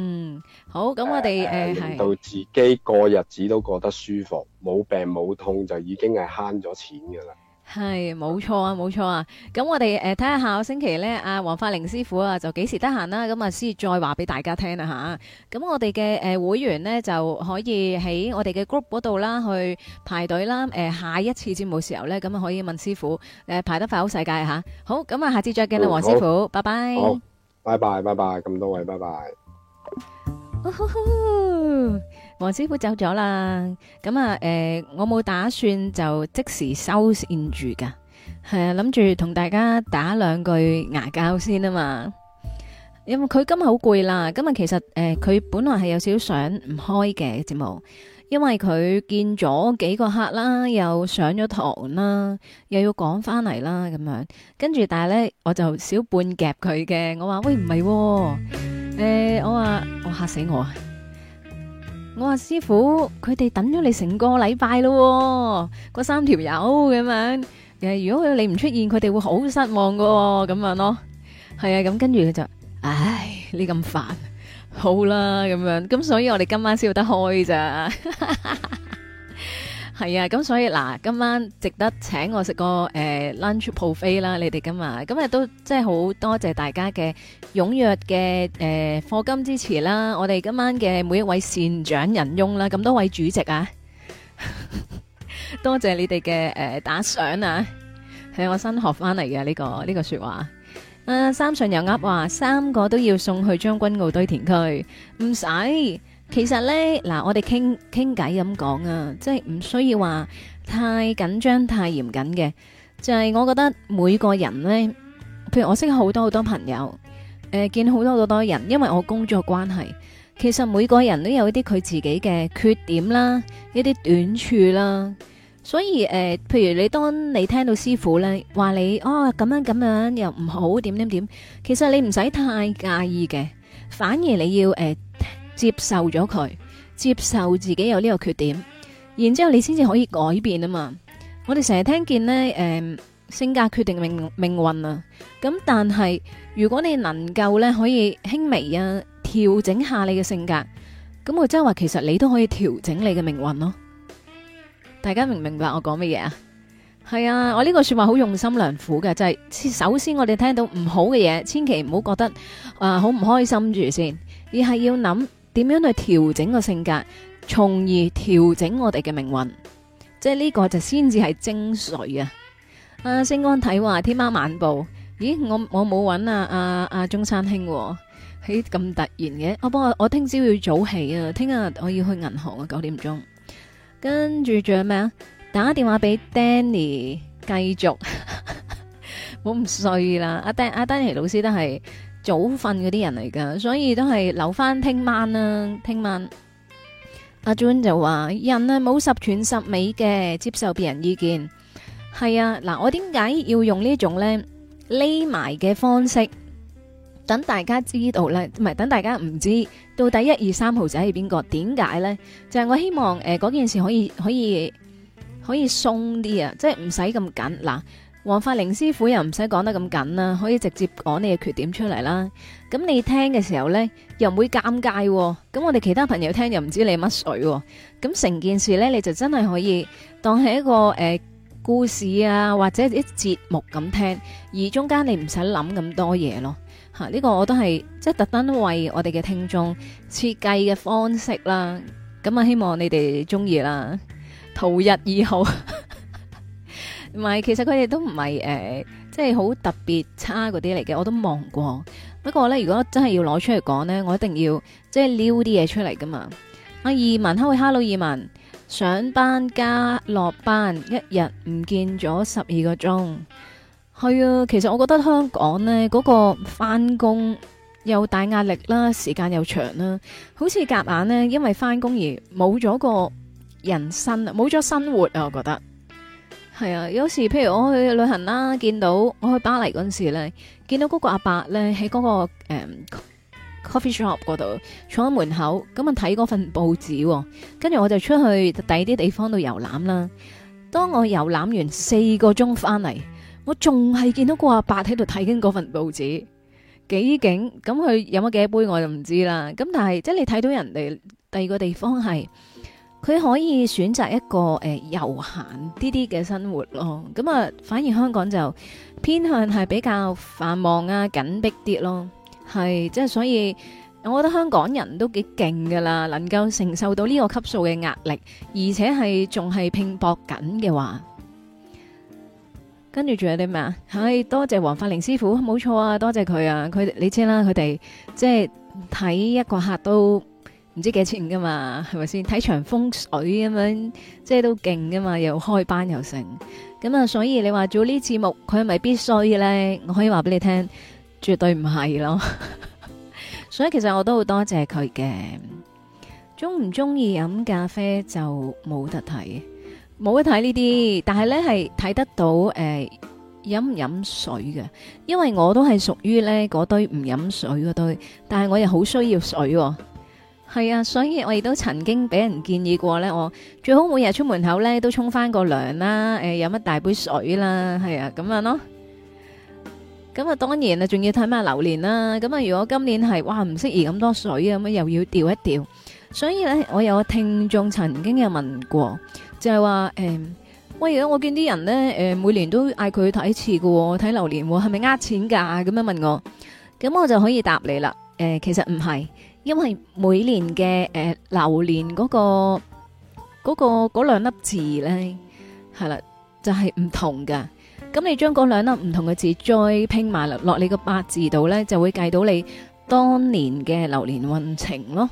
嗯，好咁，那我哋誒、呃呃、到自己過日子都過得舒服，冇病冇痛就已經係慳咗錢㗎喇。係冇錯，錯我們、呃、看看啊，冇錯啊。咁我哋誒睇下下個星期咧，阿黃法寧師傅啊，就幾時得閒啦？咁啊先再話俾大家聽啦、啊、吓。咁、啊、我哋嘅誒會員咧就可以喺我哋嘅 group 嗰度啦，去排隊啦。誒、啊，下一次節目時候咧，咁啊可以問師傅誒、呃、排得快好世界吓、啊。好咁啊，下次再見啦，黃、嗯、師傅拜拜，拜拜，拜拜位拜拜，咁多位拜拜。哦、吼吼黃師傅走咗啦，咁啊誒，我冇打算就即時收線住噶，係啊，諗住同大家打兩句牙交先啊嘛。因為佢今日好攰啦，今日其實誒，佢、呃、本來係有少少想唔開嘅節目，因為佢見咗幾個客啦，又上咗堂啦，又要趕翻嚟啦咁樣，跟住但係呢，我就小半夾佢嘅，我話喂唔係。不是啊誒，我話我嚇死我啊！我話師傅，佢哋等咗你成個禮拜咯，嗰三條友咁樣。誒，如果你唔出現，佢哋會好失望噶。咁樣咯，係啊。咁跟住佢就，唉，你咁煩，好啦，咁樣。咁所以我哋今晚笑得開咋。係啊，咁、嗯、所以嗱，今晚值得請我食個誒 lunch buffet 啦，你哋今日，今日都即係好多謝大家嘅踴躍嘅誒課金支持啦，我哋今晚嘅每一位善長人翁啦，咁多位主席啊， 多謝你哋嘅誒打賞啊，係我新學翻嚟嘅呢個呢、這個說話，啊三信又呃話三個都要送去將軍澳堆填區，唔使。其實咧，嗱，我哋傾傾偈咁講啊，即係唔需要話太緊張、太嚴謹嘅。就係、是、我覺得每個人呢，譬如我識好多好多朋友，誒、呃，見好多好多人，因為我工作關係，其實每個人都有一啲佢自己嘅缺點啦，一啲短處啦。所以誒、呃，譬如你當你聽到師傅呢話你哦咁樣咁樣又唔好點點點，其實你唔使太介意嘅，反而你要誒。呃接受咗佢，接受自己有呢個缺點，然之後你先至可以改變啊嘛。我哋成日聽見呢誒、呃，性格決定命命運啊。咁但係如果你能夠呢可以輕微啊調整下你嘅性格，咁我即係話其實你都可以調整你嘅命運咯。大家明唔明白我講乜嘢啊？係啊，我呢個說話好用心良苦嘅，即係首先我哋聽到唔好嘅嘢，千祈唔好覺得啊好唔開心住先，而係要諗。點樣去調整個性格，從而調整我哋嘅命運，即係呢個就先至係精髓啊！阿聖安睇話《天貓晚報》，咦，我我冇揾啊啊啊中山兄喎、啊，起、哎、咁突然嘅、啊啊，不過我我聽朝要早起啊，聽日我要去銀行啊，九點鐘，跟住仲有咩啊？打電話俾 Danny，繼續，好唔衰啦，阿 Dan 阿 Danny 老師都係。早瞓嗰啲人嚟㗎，所以都係留翻聽晚啦。聽晚阿 John 就話人咧冇十全十美嘅，接受別人意見係啊。嗱，我點解要用呢種咧匿埋嘅方式等大家知道咧？唔係等大家唔知到底一二三號仔係邊個？點解咧？就係我希望誒嗰件事可以可以可以鬆啲啊，即係唔使咁緊嗱。黃法寧師傅又唔使講得咁緊啦，可以直接講你嘅缺點出嚟啦。咁你聽嘅時候呢，又唔會尷尬、哦。咁我哋其他朋友聽又唔知你乜水、哦。咁成件事呢，你就真係可以當係一個誒、呃、故事啊，或者啲節目咁聽，而中間你唔使諗咁多嘢咯。吓、啊，呢、這個我都係即係特登為我哋嘅聽眾設計嘅方式啦。咁啊，希望你哋中意啦。桃日以後。 唔係，其實佢哋都唔係誒，即係好特別差嗰啲嚟嘅，我都望過。不過呢，如果真係要攞出嚟講呢，我一定要即係撩啲嘢出嚟噶嘛。阿二文，Hello 二文，上班加落班，一日唔見咗十二個鐘。係啊，其實我覺得香港呢嗰、那個翻工又大壓力啦，時間又長啦，好似夾硬呢，因為翻工而冇咗個人生，冇咗生活啊，我覺得。係啊，有時譬如我去旅行啦，見到我去巴黎嗰陣時咧，見到嗰個阿伯咧喺嗰個誒 coffee shop 嗰度坐喺門口，咁啊睇嗰份報紙喎，跟住我就出去第二啲地方度遊覽啦。當我遊覽完四個鐘翻嚟，我仲係見到嗰個阿伯喺度睇緊嗰份報紙，幾景咁佢飲咗幾杯，我就唔知啦。咁但係即係你睇到人哋第二個地方係。佢可以選擇一個誒悠閒啲啲嘅生活咯，咁啊反而香港就偏向係比較繁忙啊緊迫啲咯，係即係所以我覺得香港人都幾勁噶啦，能夠承受到呢個級數嘅壓力，而且係仲係拼搏緊嘅話，跟住仲有啲咩啊？係多謝黃法寧師傅，冇錯啊，多謝佢啊，佢你知啦，佢哋即係睇一個客都。唔知幾錢噶嘛，係咪先睇場風水咁樣？即係都勁噶嘛，又開班又成，咁啊，所以你話做呢節目，佢係咪必須嘅咧？我可以話俾你聽，絕對唔係咯。 所以其實我都好多謝佢嘅。中唔中意飲咖啡就冇得睇，冇得睇呢啲。但係咧係睇得到誒，飲唔飲水嘅？因為我都係屬於咧嗰堆唔飲水嗰堆，但係我又好需要水，哦。係啊，所以我亦都曾經俾人建議過咧，我最好每日出門口咧都沖翻個涼啦，誒、呃，飲一大杯水啦，係啊，咁啊，咯，咁、嗯、啊，當然啊，仲要睇下榴蓮啦，咁、嗯、啊，如果今年係，哇，唔適宜咁多水啊，咁、嗯、啊，又要調一調。所以咧，我有個聽眾曾經有問過，就係、是、話，誒、呃，喂，如果我見啲人咧，誒、呃，每年都嗌佢睇次嘅、哦，睇榴蓮、哦，係咪呃錢噶？咁樣問我，咁、嗯、我就可以答你啦，誒、呃，其實唔係。因為每年嘅，誒，流年嗰個嗰個嗰兩粒字咧係啦，就係唔同噶。咁你將嗰兩粒唔同嘅字再拼埋落落你個八字度咧，就會計到你當年嘅流年運程咯。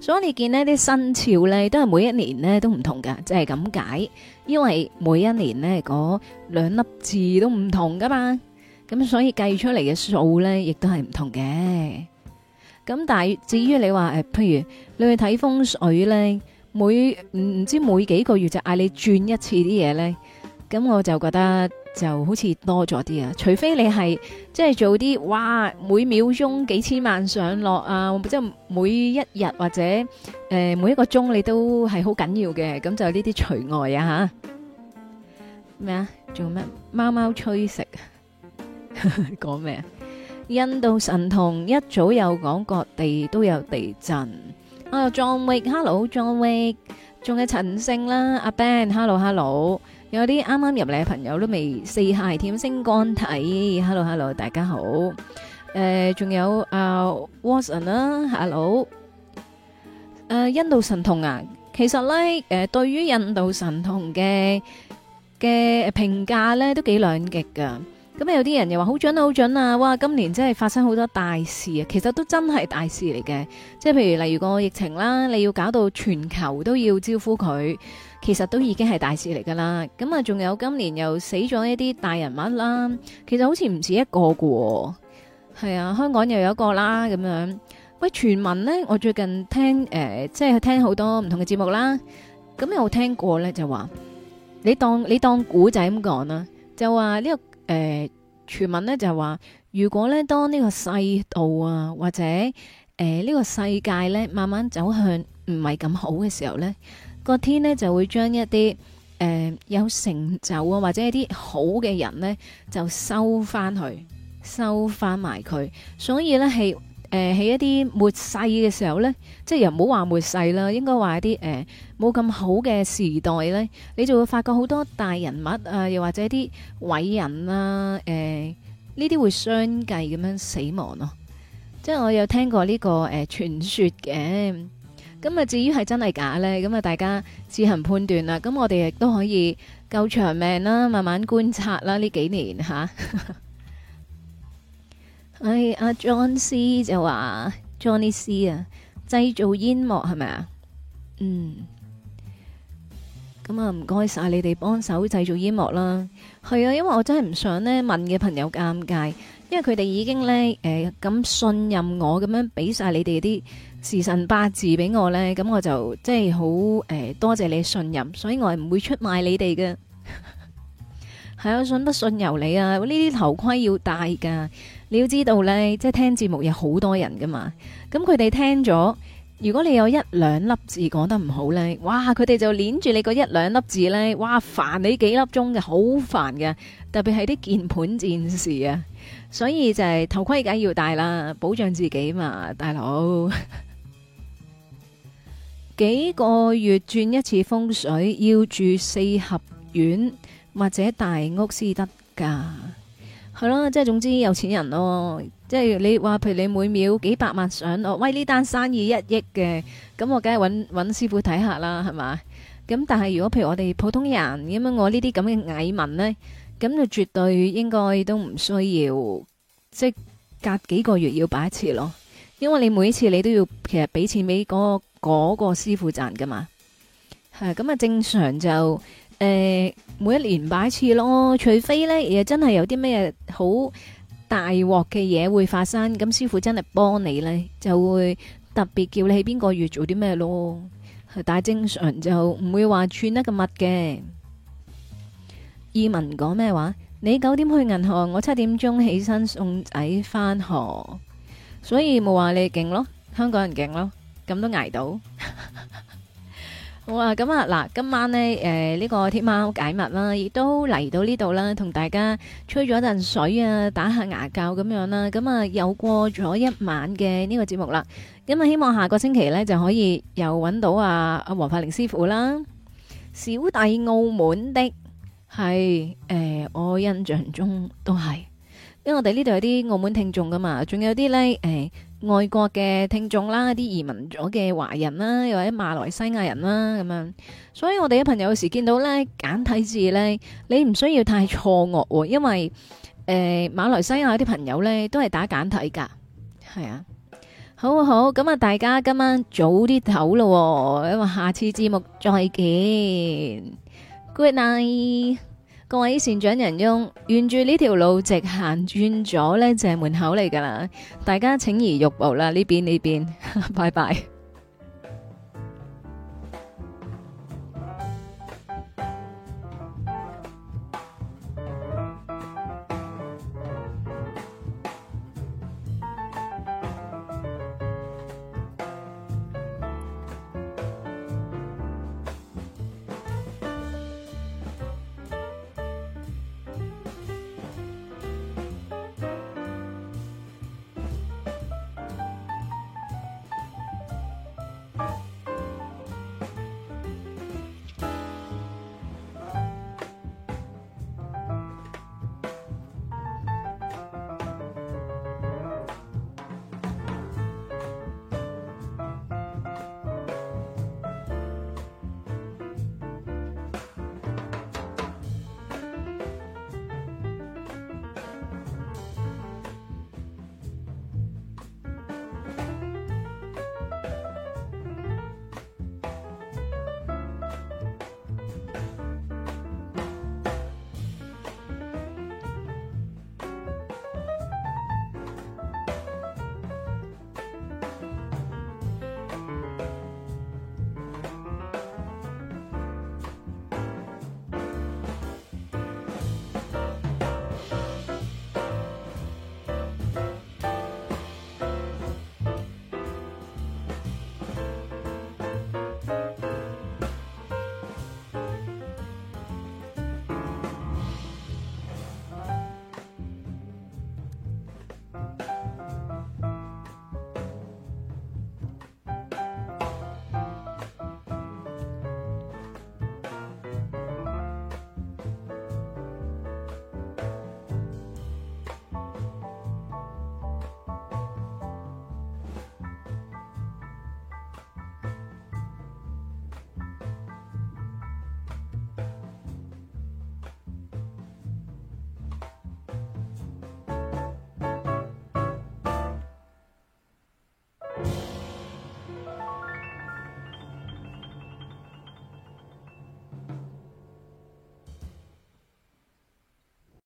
所以你見咧啲新潮咧都係每一年咧都唔同噶，即係咁解。因為每一年咧嗰兩粒字都唔同噶嘛，咁所以計出嚟嘅數咧亦都係唔同嘅。咁但係至於你話誒，譬如你去睇風水咧，每唔唔知每幾個月就嗌你轉一次啲嘢咧，咁我就覺得就好似多咗啲啊！除非你係即係做啲哇，每秒鐘幾千萬上落啊，即係每一日或者誒每一個鐘你都係好緊要嘅，咁就呢啲除外啊吓。咩啊？仲有咩貓貓吹食？講咩啊？印度神童一早有講各地都有地震。阿 John Wick，Hello，John Wick。仲有陳勝啦，阿 Ben，Hello，Hello。有啲啱啱入嚟嘅朋友都未四下舔星光體，Hello，Hello，大家好。誒，仲有阿 Watson 啦，Hello。誒，印度神童啊，其實咧誒，對於印度神童嘅嘅評價咧，都幾兩極㗎。咁有啲人又話好準，好準啊！哇，今年真係發生好多大事啊，其實都真係大事嚟嘅。即係譬如例如個疫情啦，你要搞到全球都要招呼佢，其實都已經係大事嚟噶啦。咁啊，仲有今年又死咗一啲大人物啦，其實好似唔止一個嘅喔。係啊，香港又有一個啦，咁樣。喂，傳聞呢？我最近聽誒，呃，即係聽好多唔同嘅節目啦。咁有冇聽過呢？就話你當你當古仔咁講啦，就話呢個。誒、呃，傳聞咧就係話，如果咧當呢個世道啊，或者誒呢，呃呢個世界咧慢慢走向唔係咁好嘅時候咧，個天咧就會將一啲誒，呃，有成就啊或者一啲好嘅人咧就收翻去，收翻埋佢，所以咧係。誒、呃，喺一啲末世嘅時候呢，即係又唔好話末世啦，應該話一啲誒冇咁好嘅時代呢，你就會發覺好多大人物啊，又或者啲偉人啦、啊，誒呢啲會相繼咁樣死亡咯、啊。即係我有聽過呢、這個誒傳、呃、說嘅，咁啊至於係真係假呢？咁啊大家自行判斷啦。咁我哋亦都可以夠長命啦，慢慢觀察啦呢幾年吓。啊 係、哎、阿、啊、John C 就話 Johnny C 啊，製造煙幕係咪啊？嗯，咁啊，唔該晒你哋幫手製造煙幕啦。係啊，因為我真係唔想呢問嘅朋友尷尬，因為佢哋已經呢誒咁、呃、信任我，咁樣俾晒你哋啲時辰八字俾我呢。咁我就即係好誒多謝你信任，所以我係唔會出賣你哋嘅。係 啊，信不信由你啊。呢啲頭盔要戴噶。你要知道呢，即係聽節目有好多人噶嘛，咁佢哋聽咗，如果你有一兩粒字講得唔好呢，哇，佢哋就捻住你嗰一兩粒字呢。哇，煩你幾粒鐘嘅，好煩嘅，特別係啲鍵盤戰士啊，所以就係頭盔梗要戴啦，保障自己嘛，大佬。幾個月轉一次風水，要住四合院或者大屋先得噶。係咯，即 係、嗯、總之有錢人咯，即係你話譬如你每秒幾百萬上哦，喂呢單生意一億嘅，咁我梗係揾揾師傅睇下啦，係嘛？咁但係如果譬如我哋普通人咁樣、嗯，我呢啲咁嘅蟻民呢，咁就絕對應該都唔需要，即隔幾個月要擺一次咯，因為你每一次你都要其實俾錢俾嗰嗰個師傅賺噶嘛，係咁啊，正常就誒。欸每一年擺一次咯，除非咧，亦真係有啲咩好大鑊嘅嘢會發生，咁師傅真係幫你咧，就會特別叫你喺邊個月做啲咩咯。但係正常就唔會話串得咁密嘅。移民講咩話？你九點去銀行，我七點鐘起身送仔返學，所以冇話你勁咯，香港人勁咯，咁都捱到。好啊，咁啊，嗱，今晚咧，誒呢個天喵解密啦，亦都嚟到呢度啦，同大家吹咗陣水啊，打下牙膠咁樣啦，咁啊又過咗一晚嘅呢個節目啦，咁啊希望下個星期咧，就可以又揾到阿阿黃法寧師傅啦，小弟澳門的係誒，我印象中都係，因為我哋呢度有啲澳門聽眾噶嘛，仲有啲咧誒。外國嘅聽眾啦，一啲移民咗嘅華人啦，又或者馬來西亞人啦，咁樣，所以我哋嘅朋友有時見到咧簡體字咧，你唔需要太錯愕喎，因為誒馬來西亞啲朋友咧都係打簡體噶，係啊，好好咁啊，大家今晚早啲唞咯喎，因為下次節目再見，Good night。各位善長仁翁，沿住呢條路直行，轉左呢就係門口嚟㗎喇。大家請移玉步啦，呢邊呢邊，拜拜。 bye bye